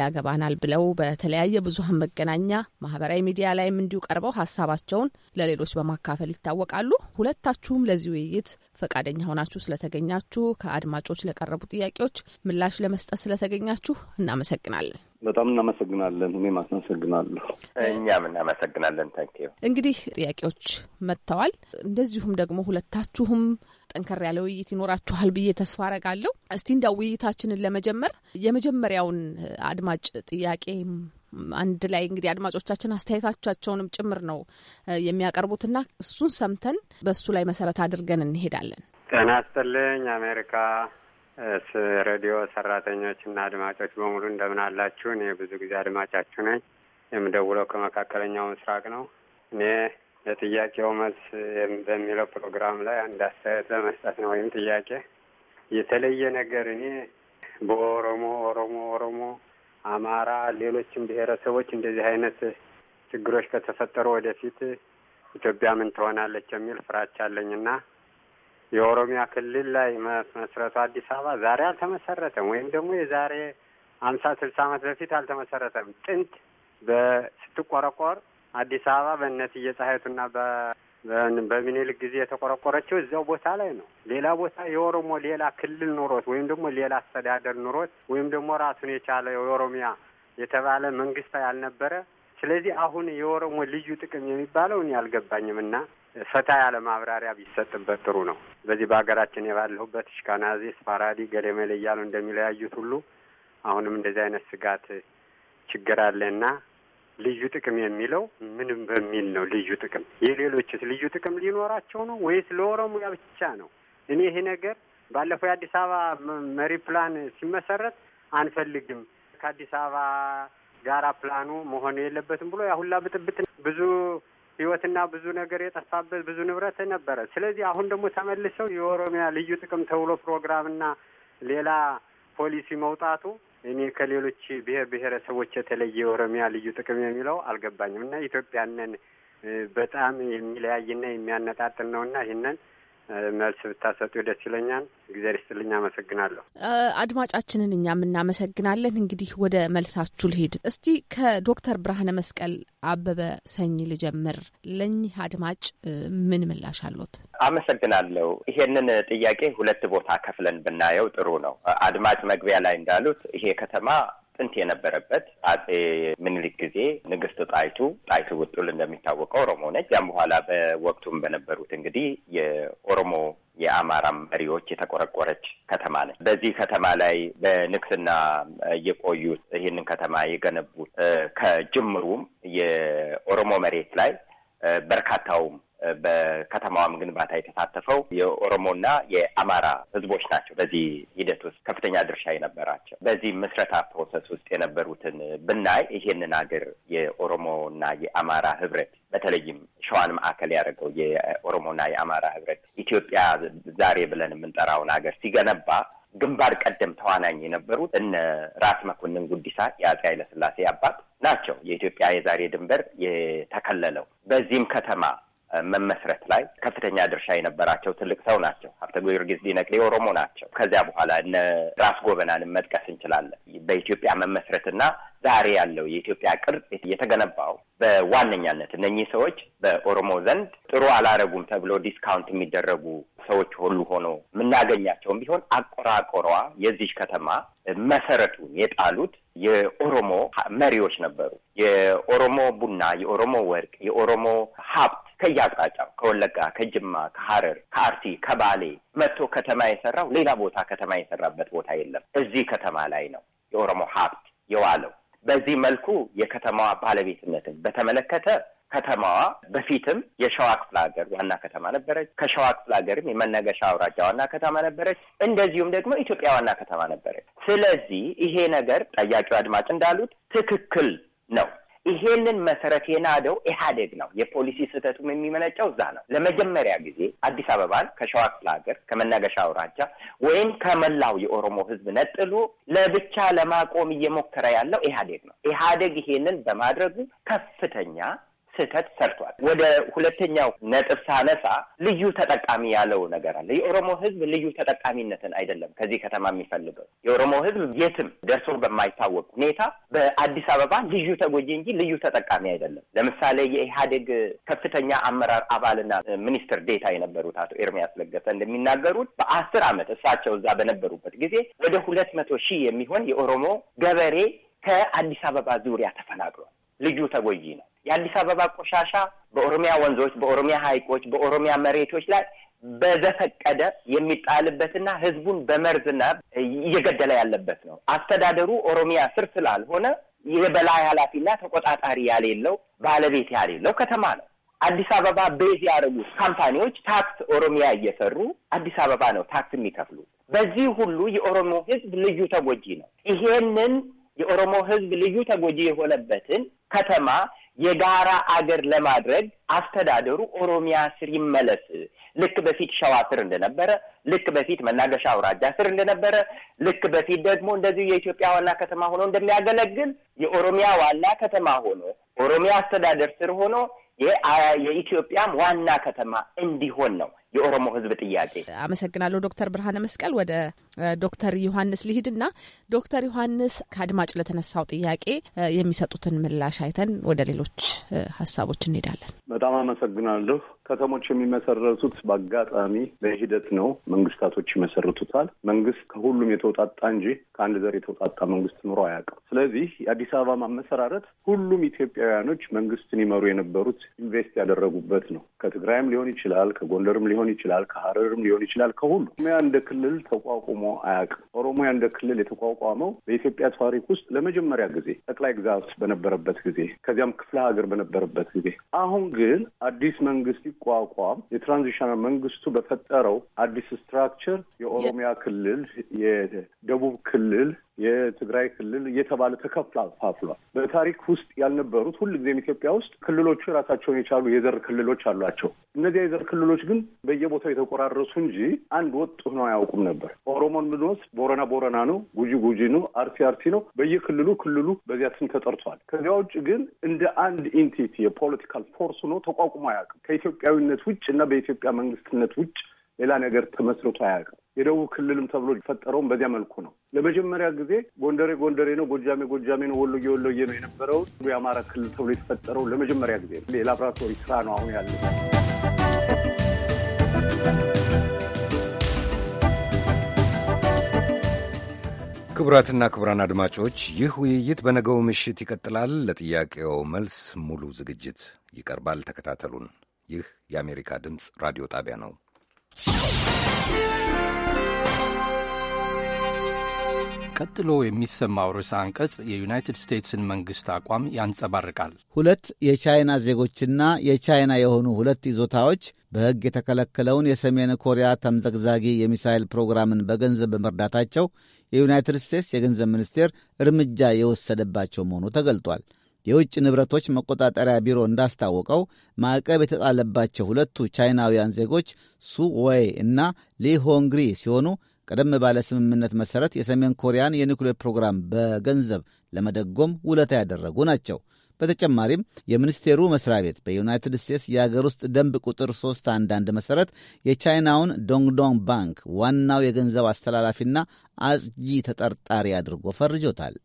Speaker 9: ያገባናል ብለው በተለያየ ብዙሀን መገናኛ ማህበራዊ ሚዲያ ላይም እንዲሁ ቀርበው ሀሳባቸውን ለሌሎች በማካፈል ይታወቃሉ። ሁለታችሁም ለዚህ ውይይት ፈቃደኛ ሆናችሁ ስለተገኛችሁ፣ ከአድማጮች ለቀረቡ ጥያቄዎች ምላሽ ለመስጠት ስለተገኛችሁ እናመሰግናለን። በጣም እናመሰግናለን።
Speaker 7: እኔ አመሰግናለሁ። እኛም እናመሰግናለን። ታንኪዩ።
Speaker 9: እንግዲህ ጥያቄዎች መጥተዋል። እንደዚሁም ደግሞ ሁለታችሁም ጠንከር ያለ ውይይት ይኖራችኋል ብዬ ተስፋ አረጋለሁ። እስቲ እንዳው ውይይታችንን ለመጀመር የመጀመሪያውን አድማጭ ጥያቄ አንድ ላይ እንግዲህ አድማጮቻችን አስተያየታቸውንም ጭምር ነው የሚያቀርቡትና እሱን ሰምተን በእሱ ላይ መሰረት አድርገን እንሄዳለን።
Speaker 5: ጤና ይስጥልኝ አሜሪካ ሬዲዮ ሰራተኞችና አድማጮች በሙሉ እንደምን አላችሁ? እኔ ብዙ ጊዜ አድማጫችሁ ነኝ። የምደውለው ከመካከለኛው ምስራቅ ነው። እኔ ለጥያቄው መልስ በሚለው ፕሮግራም ላይ አንድ አስተያየት ለመስጠት ነው ወይም ጥያቄ የተለየ ነገር እኔ በኦሮሞ ኦሮሞ ኦሮሞ አማራ፣ ሌሎችም ብሔረሰቦች እንደዚህ አይነት ችግሮች ከተፈጠሩ ወደፊት ኢትዮጵያ ምን ትሆናለች የሚል ፍራቻ አለኝና የኦሮሚያ ክልል ላይ መስረቱ አዲስ አበባ ዛሬ አልተመሰረተም፣ ወይም ደግሞ የዛሬ አምሳ ስልሳ ዓመት በፊት አልተመሰረተም። ጥንት በስትቆረቆር አዲስ አበባ በእነትዬ ፀሐይቱና በሚኒልክ ጊዜ የተቆረቆረችው እዚያው ቦታ ላይ ነው። ሌላ ቦታ የኦሮሞ ሌላ ክልል ኑሮት ወይም ደግሞ ሌላ አስተዳደር ኑሮት ወይም ደግሞ ራሱን የቻለ የኦሮሚያ የተባለ መንግስት ያልነበረ። ስለዚህ አሁን የኦሮሞ ልዩ ጥቅም የሚባለው እኔ አልገባኝም እና ፈታ ያለ ማብራሪያ ቢሰጥበት ጥሩ ነው። በዚህ በሀገራችን የባለሁበት ሽካናዚ ስፋራዲ፣ ገሌመሌ እያሉ እንደሚለያዩት ሁሉ አሁንም እንደዚህ አይነት ስጋት ችግር አለና ልዩ ጥቅም የሚለው ምንም በሚል ነው? ልዩ ጥቅም የሌሎችስ ልዩ ጥቅም ሊኖራቸው ነው ወይስ ለኦሮሚያ ብቻ ነው? እኔ ይሄ ነገር ባለፈው የአዲስ አበባ መሪ ፕላን ሲመሰረት አንፈልግም ከአዲስ አበባ ጋራ ፕላኑ መሆን የለበትም ብሎ ያሁላ ብጥብጥ ብዙ ህይወትና ብዙ ነገር የጠፋበት ብዙ ንብረት ነበረ። ስለዚህ አሁን ደግሞ ተመልሰው የኦሮሚያ ልዩ ጥቅም ተብሎ ፕሮግራምና ሌላ ፖሊሲ መውጣቱ እኔ ከሌሎች ብሔር ብሔረሰቦች የተለየ የኦሮሚያ ልዩ ጥቅም የሚለው አልገባኝም እና ኢትዮጵያንን በጣም የሚለያይና የሚያነጣጥል ነው እና ይህንን መልስ ብታሰጡ ደስ ይለኛል። እግዜር ይስጥልኝ። አመሰግናለሁ።
Speaker 9: አድማጫችንን እኛም እናመሰግናለን። እንግዲህ ወደ መልሳችሁ ልሄድ። እስቲ ከዶክተር ብርሃነ መስቀል አበበ ሰኝ ልጀምር። ለእኚህ አድማጭ ምን ምላሽ አሉት?
Speaker 7: አመሰግናለሁ። ይሄንን ጥያቄ ሁለት ቦታ ከፍለን ብናየው ጥሩ ነው። አድማጭ መግቢያ ላይ እንዳሉት ይሄ ከተማ ጥንት የነበረበት አጼ ምኒልክ ጊዜ ንግስት ጣይቱ ጣይቱ ውጡል እንደሚታወቀው ኦሮሞ ነች። ያም በኋላ በወቅቱም በነበሩት እንግዲህ የኦሮሞ የአማራ መሪዎች የተቆረቆረች ከተማ ነች። በዚህ ከተማ ላይ በንግስና የቆዩት ይህንን ከተማ የገነቡት ከጅምሩም የኦሮሞ መሬት ላይ በርካታውም በከተማዋም ግንባታ የተሳተፈው የኦሮሞና የአማራ ህዝቦች ናቸው። በዚህ ሂደት ውስጥ ከፍተኛ ድርሻ የነበራቸው በዚህ ምስረታ ፕሮሰስ ውስጥ የነበሩትን ብናይ ይሄንን ሀገር የኦሮሞና የአማራ ህብረት በተለይም ሸዋን ማዕከል ያደረገው የኦሮሞና የአማራ ህብረት ኢትዮጵያ ዛሬ ብለን የምንጠራውን ሀገር ሲገነባ ግንባር ቀደም ተዋናኝ የነበሩት እነ ራስ መኮንን ጉዲሳ የአፄ ኃይለስላሴ አባት ናቸው። የኢትዮጵያ የዛሬ ድንበር የተከለለው በዚህም ከተማ መመስረት ላይ ከፍተኛ ድርሻ የነበራቸው ትልቅ ሰው ናቸው። ሀብተ ጊዮርጊስ ዲነቅሌ ኦሮሞ ናቸው። ከዚያ በኋላ እነ ራስ ጎበናንም መጥቀስ እንችላለን። በኢትዮጵያ መመስረትና ዛሬ ያለው የኢትዮጵያ ቅርጽ የተገነባው በዋነኛነት እነኚህ ሰዎች በኦሮሞ ዘንድ ጥሩ አላረጉም ተብሎ ዲስካውንት የሚደረጉ ሰዎች ሁሉ ሆኖ የምናገኛቸውም ቢሆን አቆራቆሯ የዚች ከተማ መሰረቱን የጣሉት የኦሮሞ መሪዎች ነበሩ። የኦሮሞ ቡና፣ የኦሮሞ ወርቅ፣ የኦሮሞ ሀብት ከየአቅጣጫው ከወለጋ፣ ከጅማ፣ ከሐረር፣ ከአርሲ፣ ከባሌ መጥቶ ከተማ የሰራው ሌላ ቦታ ከተማ የሰራበት ቦታ የለም። እዚህ ከተማ ላይ ነው የኦሮሞ ሀብት የዋለው። በዚህ መልኩ የከተማዋ ባለቤትነትን በተመለከተ ከተማዋ በፊትም የሸዋ ክፍለ ሀገር ዋና ከተማ ነበረች። ከሸዋ ክፍለ ሀገርም የመነገሻ አውራጃ ዋና ከተማ ነበረች። እንደዚሁም ደግሞ ኢትዮጵያ ዋና ከተማ ነበረች። ስለዚህ ይሄ ነገር ጠያቂው አድማጭ እንዳሉት ትክክል ነው። ይሄንን መሰረት የናደው ኢህአዴግ ነው። የፖሊሲ ስህተቱም የሚመነጨው እዛ ነው። ለመጀመሪያ ጊዜ አዲስ አበባን ከሸዋ ክፍለ ሀገር ከመናገሻ አውራጃ ወይም ከመላው የኦሮሞ ህዝብ ነጥሎ ለብቻ ለማቆም እየሞከረ ያለው ኢህአዴግ ነው። ኢህአዴግ ይሄንን በማድረጉ ከፍተኛ ስህተት ሰርቷል። ወደ ሁለተኛው ነጥብ ሳነሳ ልዩ ተጠቃሚ ያለው ነገር አለ። የኦሮሞ ህዝብ ልዩ ተጠቃሚነትን አይደለም ከዚህ ከተማ የሚፈልገው። የኦሮሞ ህዝብ የትም ደርሶ በማይታወቅ ሁኔታ በአዲስ አበባ ልዩ ተጎጂ እንጂ ልዩ ተጠቃሚ አይደለም። ለምሳሌ የኢህአዴግ ከፍተኛ አመራር አባልና ሚኒስትር ዴታ የነበሩት አቶ ኤርሚያስ ለገሰ እንደሚናገሩት በአስር ዓመት እሳቸው እዛ በነበሩበት ጊዜ ወደ ሁለት መቶ ሺህ የሚሆን የኦሮሞ ገበሬ ከአዲስ አበባ ዙሪያ ተፈናቅሏል። ልዩ ተጎጂ ነው። የአዲስ አበባ ቆሻሻ በኦሮሚያ ወንዞች፣ በኦሮሚያ ሐይቆች፣ በኦሮሚያ መሬቶች ላይ በዘፈቀደ የሚጣልበትና ህዝቡን በመርዝና እየገደለ ያለበት ነው። አስተዳደሩ ኦሮሚያ ስር ስላልሆነ የበላይ ኃላፊና ተቆጣጣሪ ያሌለው ባለቤት ያሌለው ከተማ ነው። አዲስ አበባ ቤዝ ያደረጉት ካምፓኒዎች ታክስ ኦሮሚያ እየሰሩ አዲስ አበባ ነው ታክስ የሚከፍሉት። በዚህ ሁሉ የኦሮሞ ህዝብ ልዩ ተጎጂ ነው። ይሄንን የኦሮሞ ህዝብ ልዩ ተጎጂ የሆነበትን ከተማ የጋራ አገር ለማድረግ አስተዳደሩ ኦሮሚያ ስር ይመለስ። ልክ በፊት ሸዋ ስር እንደነበረ፣ ልክ በፊት መናገሻ አውራጃ ስር እንደነበረ፣ ልክ በፊት ደግሞ እንደዚሁ የኢትዮጵያ ዋና ከተማ ሆኖ እንደሚያገለግል የኦሮሚያ ዋና ከተማ ሆኖ ኦሮሚያ አስተዳደር ስር ሆኖ የኢትዮጵያም ዋና ከተማ እንዲሆን ነው። የኦሮሞ ህዝብ ጥያቄ።
Speaker 9: አመሰግናለሁ ዶክተር ብርሃነ መስቀል። ወደ ዶክተር ዮሐንስ ልሂድና ዶክተር ዮሐንስ ከአድማጭ ለተነሳው ጥያቄ የሚሰጡትን ምላሽ አይተን ወደ ሌሎች ሀሳቦች እንሄዳለን።
Speaker 8: በጣም አመሰግናለሁ። ከተሞች የሚመሰረቱት በአጋጣሚ በሂደት ነው። መንግስታቶች ይመሰርቱታል። መንግስት ከሁሉም የተውጣጣ እንጂ ከአንድ ዘር የተውጣጣ መንግስት ኑሮ አያውቅም። ስለዚህ የአዲስ አበባ ማመሰራረት ሁሉም ኢትዮጵያውያኖች መንግስትን ይመሩ የነበሩት ኢንቨስት ያደረጉበት ነው። ከትግራይም ሊሆን ይችላል፣ ከጎንደርም ሊሆን ይችላል፣ ከሀረርም ሊሆን ይችላል። ከሁሉ ኦሮሚያ እንደ ክልል ተቋቁሞ አያውቅም። ኦሮሚያ እንደ ክልል የተቋቋመው በኢትዮጵያ ታሪክ ውስጥ ለመጀመሪያ ጊዜ ጠቅላይ ግዛት በነበረበት ጊዜ፣ ከዚያም ክፍለ ሀገር በነበረበት ጊዜ። አሁን ግን አዲስ መንግስት ሲቋቋም የትራንዚሽናል መንግስቱ በፈጠረው አዲስ ስትራክቸር የኦሮሚያ ክልል፣ የደቡብ ክልል የትግራይ ክልል እየተባለ ተከፋፍሏል። በታሪክ ውስጥ ያልነበሩት ሁልጊዜም ኢትዮጵያ ውስጥ ክልሎቹ ራሳቸውን የቻሉ የዘር ክልሎች አሏቸው። እነዚያ የዘር ክልሎች ግን በየቦታው የተቆራረሱ እንጂ አንድ ወጥ ሆኖ አያውቁም ነበር። ኦሮሞን ብንወስድ ቦረና ቦረና ነው፣ ጉጂ ጉጂ ነው፣ አርሲ አርሲ ነው። በየክልሉ ክልሉ በዚያ ስም ተጠርቷል። ከዚያ ውጭ ግን እንደ አንድ ኢንቲቲ የፖለቲካል ፎርስ ሆኖ ተቋቁሞ አያውቅም። ከኢትዮጵያዊነት ውጭ እና በኢትዮጵያ መንግስትነት ውጭ ሌላ ነገር ተመስርቶ አያውቅም። የደቡብ ክልልም ተብሎ ፈጠረውም በዚያ መልኩ ነው። ለመጀመሪያ ጊዜ ጎንደሬ ጎንደሬ ነው፣ ጎጃሜ ጎጃሜ ነው፣ ወሎዬ ወሎዬ ነው የነበረው የአማራ ክልል ተብሎ የተፈጠረው ለመጀመሪያ ጊዜ ነው። የላብራቶሪ ስራ ነው አሁን ያለ
Speaker 2: ክቡራትና ክቡራን አድማጮች ይህ ውይይት በነገው ምሽት ይቀጥላል። ለጥያቄው መልስ ሙሉ ዝግጅት ይቀርባል። ተከታተሉን። ይህ የአሜሪካ ድምፅ
Speaker 7: ራዲዮ ጣቢያ ነው። ቀጥሎ የሚሰማው ርዕሰ አንቀጽ የዩናይትድ ስቴትስን መንግሥት አቋም
Speaker 6: ያንጸባርቃል።
Speaker 11: ሁለት የቻይና ዜጎችና የቻይና የሆኑ ሁለት ይዞታዎች በሕግ የተከለከለውን የሰሜን ኮሪያ ተምዘግዛጊ የሚሳይል ፕሮግራምን በገንዘብ በመርዳታቸው የዩናይትድ ስቴትስ የገንዘብ ሚኒስቴር እርምጃ የወሰደባቸው መሆኑ ተገልጧል። የውጭ ንብረቶች መቆጣጠሪያ ቢሮ እንዳስታወቀው ማዕቀብ የተጣለባቸው ሁለቱ ቻይናውያን ዜጎች ሱ ወይ እና ሊሆንግሪ ሲሆኑ ቀደም ባለ ስምምነት መሠረት የሰሜን ኮሪያን የኒኩሌር ፕሮግራም በገንዘብ ለመደጎም ውለታ ያደረጉ ናቸው። በተጨማሪም የሚኒስቴሩ መስሪያ ቤት በዩናይትድ ስቴትስ የአገር ውስጥ ደንብ ቁጥር 3 አንዳንድ መሠረት የቻይናውን ዶንግዶንግ ባንክ ዋናው የገንዘብ አስተላላፊና አጽጂ ተጠርጣሪ አድርጎ ፈርጆታል።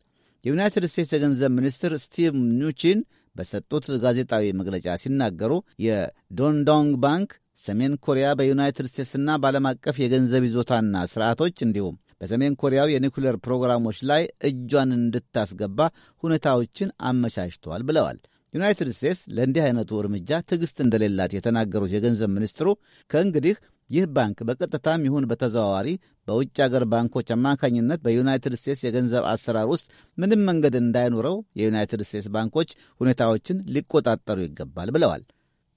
Speaker 11: የዩናይትድ ስቴትስ የገንዘብ ሚኒስትር ስቲቭ ኑቺን በሰጡት ጋዜጣዊ መግለጫ ሲናገሩ የዶንዶንግ ባንክ ሰሜን ኮሪያ በዩናይትድ ስቴትስና በዓለም አቀፍ የገንዘብ ይዞታና ስርዓቶች እንዲሁም በሰሜን ኮሪያው የኒኩሌር ፕሮግራሞች ላይ እጇን እንድታስገባ ሁኔታዎችን አመቻችተዋል ብለዋል። ዩናይትድ ስቴትስ ለእንዲህ አይነቱ እርምጃ ትዕግሥት እንደሌላት የተናገሩት የገንዘብ ሚኒስትሩ ከእንግዲህ ይህ ባንክ በቀጥታም ይሁን በተዘዋዋሪ በውጭ አገር ባንኮች አማካኝነት በዩናይትድ ስቴትስ የገንዘብ አሰራር ውስጥ ምንም መንገድ እንዳይኖረው የዩናይትድ ስቴትስ ባንኮች ሁኔታዎችን ሊቆጣጠሩ ይገባል ብለዋል።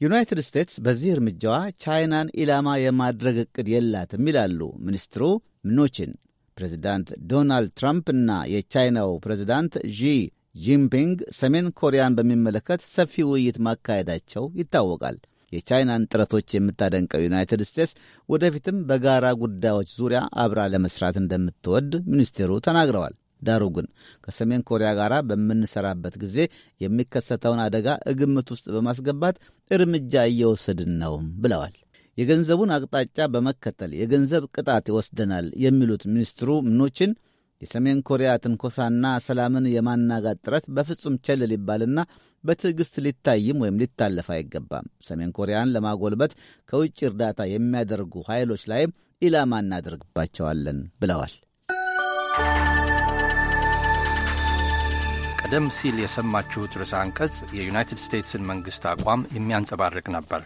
Speaker 11: ዩናይትድ ስቴትስ በዚህ እርምጃዋ ቻይናን ኢላማ የማድረግ እቅድ የላትም ይላሉ ሚኒስትሩ ምኖችን ፕሬዚዳንት ዶናልድ ትራምፕ እና የቻይናው ፕሬዚዳንት ዢ ጂንፒንግ ሰሜን ኮሪያን በሚመለከት ሰፊ ውይይት ማካሄዳቸው ይታወቃል። የቻይናን ጥረቶች የምታደንቀው ዩናይትድ ስቴትስ ወደፊትም በጋራ ጉዳዮች ዙሪያ አብራ ለመስራት እንደምትወድ ሚኒስቴሩ ተናግረዋል። ዳሩ ግን ከሰሜን ኮሪያ ጋር በምንሰራበት ጊዜ የሚከሰተውን አደጋ ግምት ውስጥ በማስገባት እርምጃ እየወሰድን ነው ብለዋል። የገንዘቡን አቅጣጫ በመከተል የገንዘብ ቅጣት ይወስደናል የሚሉት ሚኒስትሩ ምኖችን የሰሜን ኮሪያ ትንኮሳና ሰላምን የማናጋት ጥረት በፍጹም ቸል ሊባልና በትዕግሥት ሊታይም ወይም ሊታለፍ አይገባም። ሰሜን ኮሪያን ለማጎልበት ከውጭ እርዳታ የሚያደርጉ ኃይሎች ላይም ኢላማ እናደርግባቸዋለን ብለዋል።
Speaker 7: ቀደም ሲል የሰማችሁት ርዕሰ አንቀጽ የዩናይትድ ስቴትስን መንግሥት አቋም የሚያንጸባርቅ ነበር።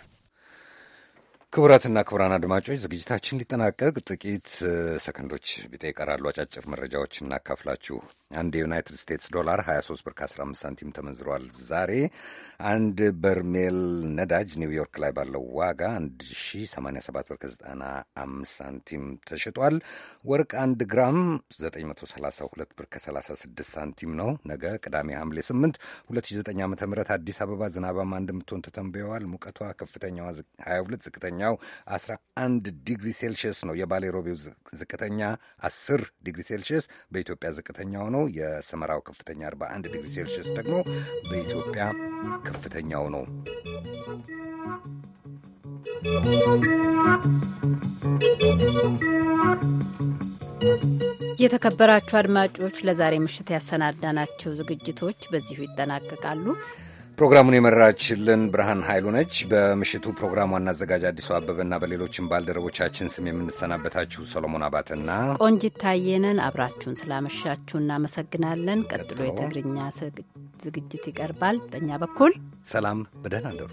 Speaker 2: ክቡራትና ክቡራን አድማጮች ዝግጅታችን ሊጠናቀቅ ጥቂት ሰከንዶች ቢጠ ይቀራሉ። አጫጭር መረጃዎች እናካፍላችሁ። አንድ የዩናይትድ ስቴትስ ዶላር 23 ብር ከ15 ሳንቲም ተመንዝሯል። ዛሬ አንድ በርሜል ነዳጅ ኒውዮርክ ላይ ባለው ዋጋ 1087 ብር ከ95 ሳንቲም ተሽጧል። ወርቅ 1 ግራም 932 ብር ከ36 ሳንቲም ነው። ነገ ቅዳሜ ሐምሌ 8 2009 ዓ ም አዲስ አበባ ዝናባማ እንደምትሆን ተተንብየዋል። ሙቀቷ ከፍተኛዋ 22፣ ዝቅተኛው 11 ዲግሪ ሴልሺየስ ነው። የባሌ ሮቤው ዝቅተኛ 10 ዲግሪ ሴልሺየስ በኢትዮጵያ ዝቅተኛው ነው። ነው። የሰመራው ከፍተኛ 41 ዲግሪ ሴልሽስ ደግሞ በኢትዮጵያ ከፍተኛው ነው።
Speaker 1: የተከበራችሁ አድማጮች ለዛሬ ምሽት ያሰናዳናቸው ዝግጅቶች በዚሁ ይጠናቀቃሉ።
Speaker 2: ፕሮግራሙን የመራችልን ብርሃን ኃይሉ ነች። በምሽቱ ፕሮግራም ዋና አዘጋጅ አዲሱ አበበና በሌሎችም ባልደረቦቻችን ስም የምንሰናበታችሁ ሰሎሞን አባተና
Speaker 1: ቆንጂት ታየነን አብራችሁን ስላመሻችሁ እናመሰግናለን። ቀጥሎ የትግርኛ ዝግጅት ይቀርባል። በእኛ በኩል ሰላም፣ በደህና አደሩ።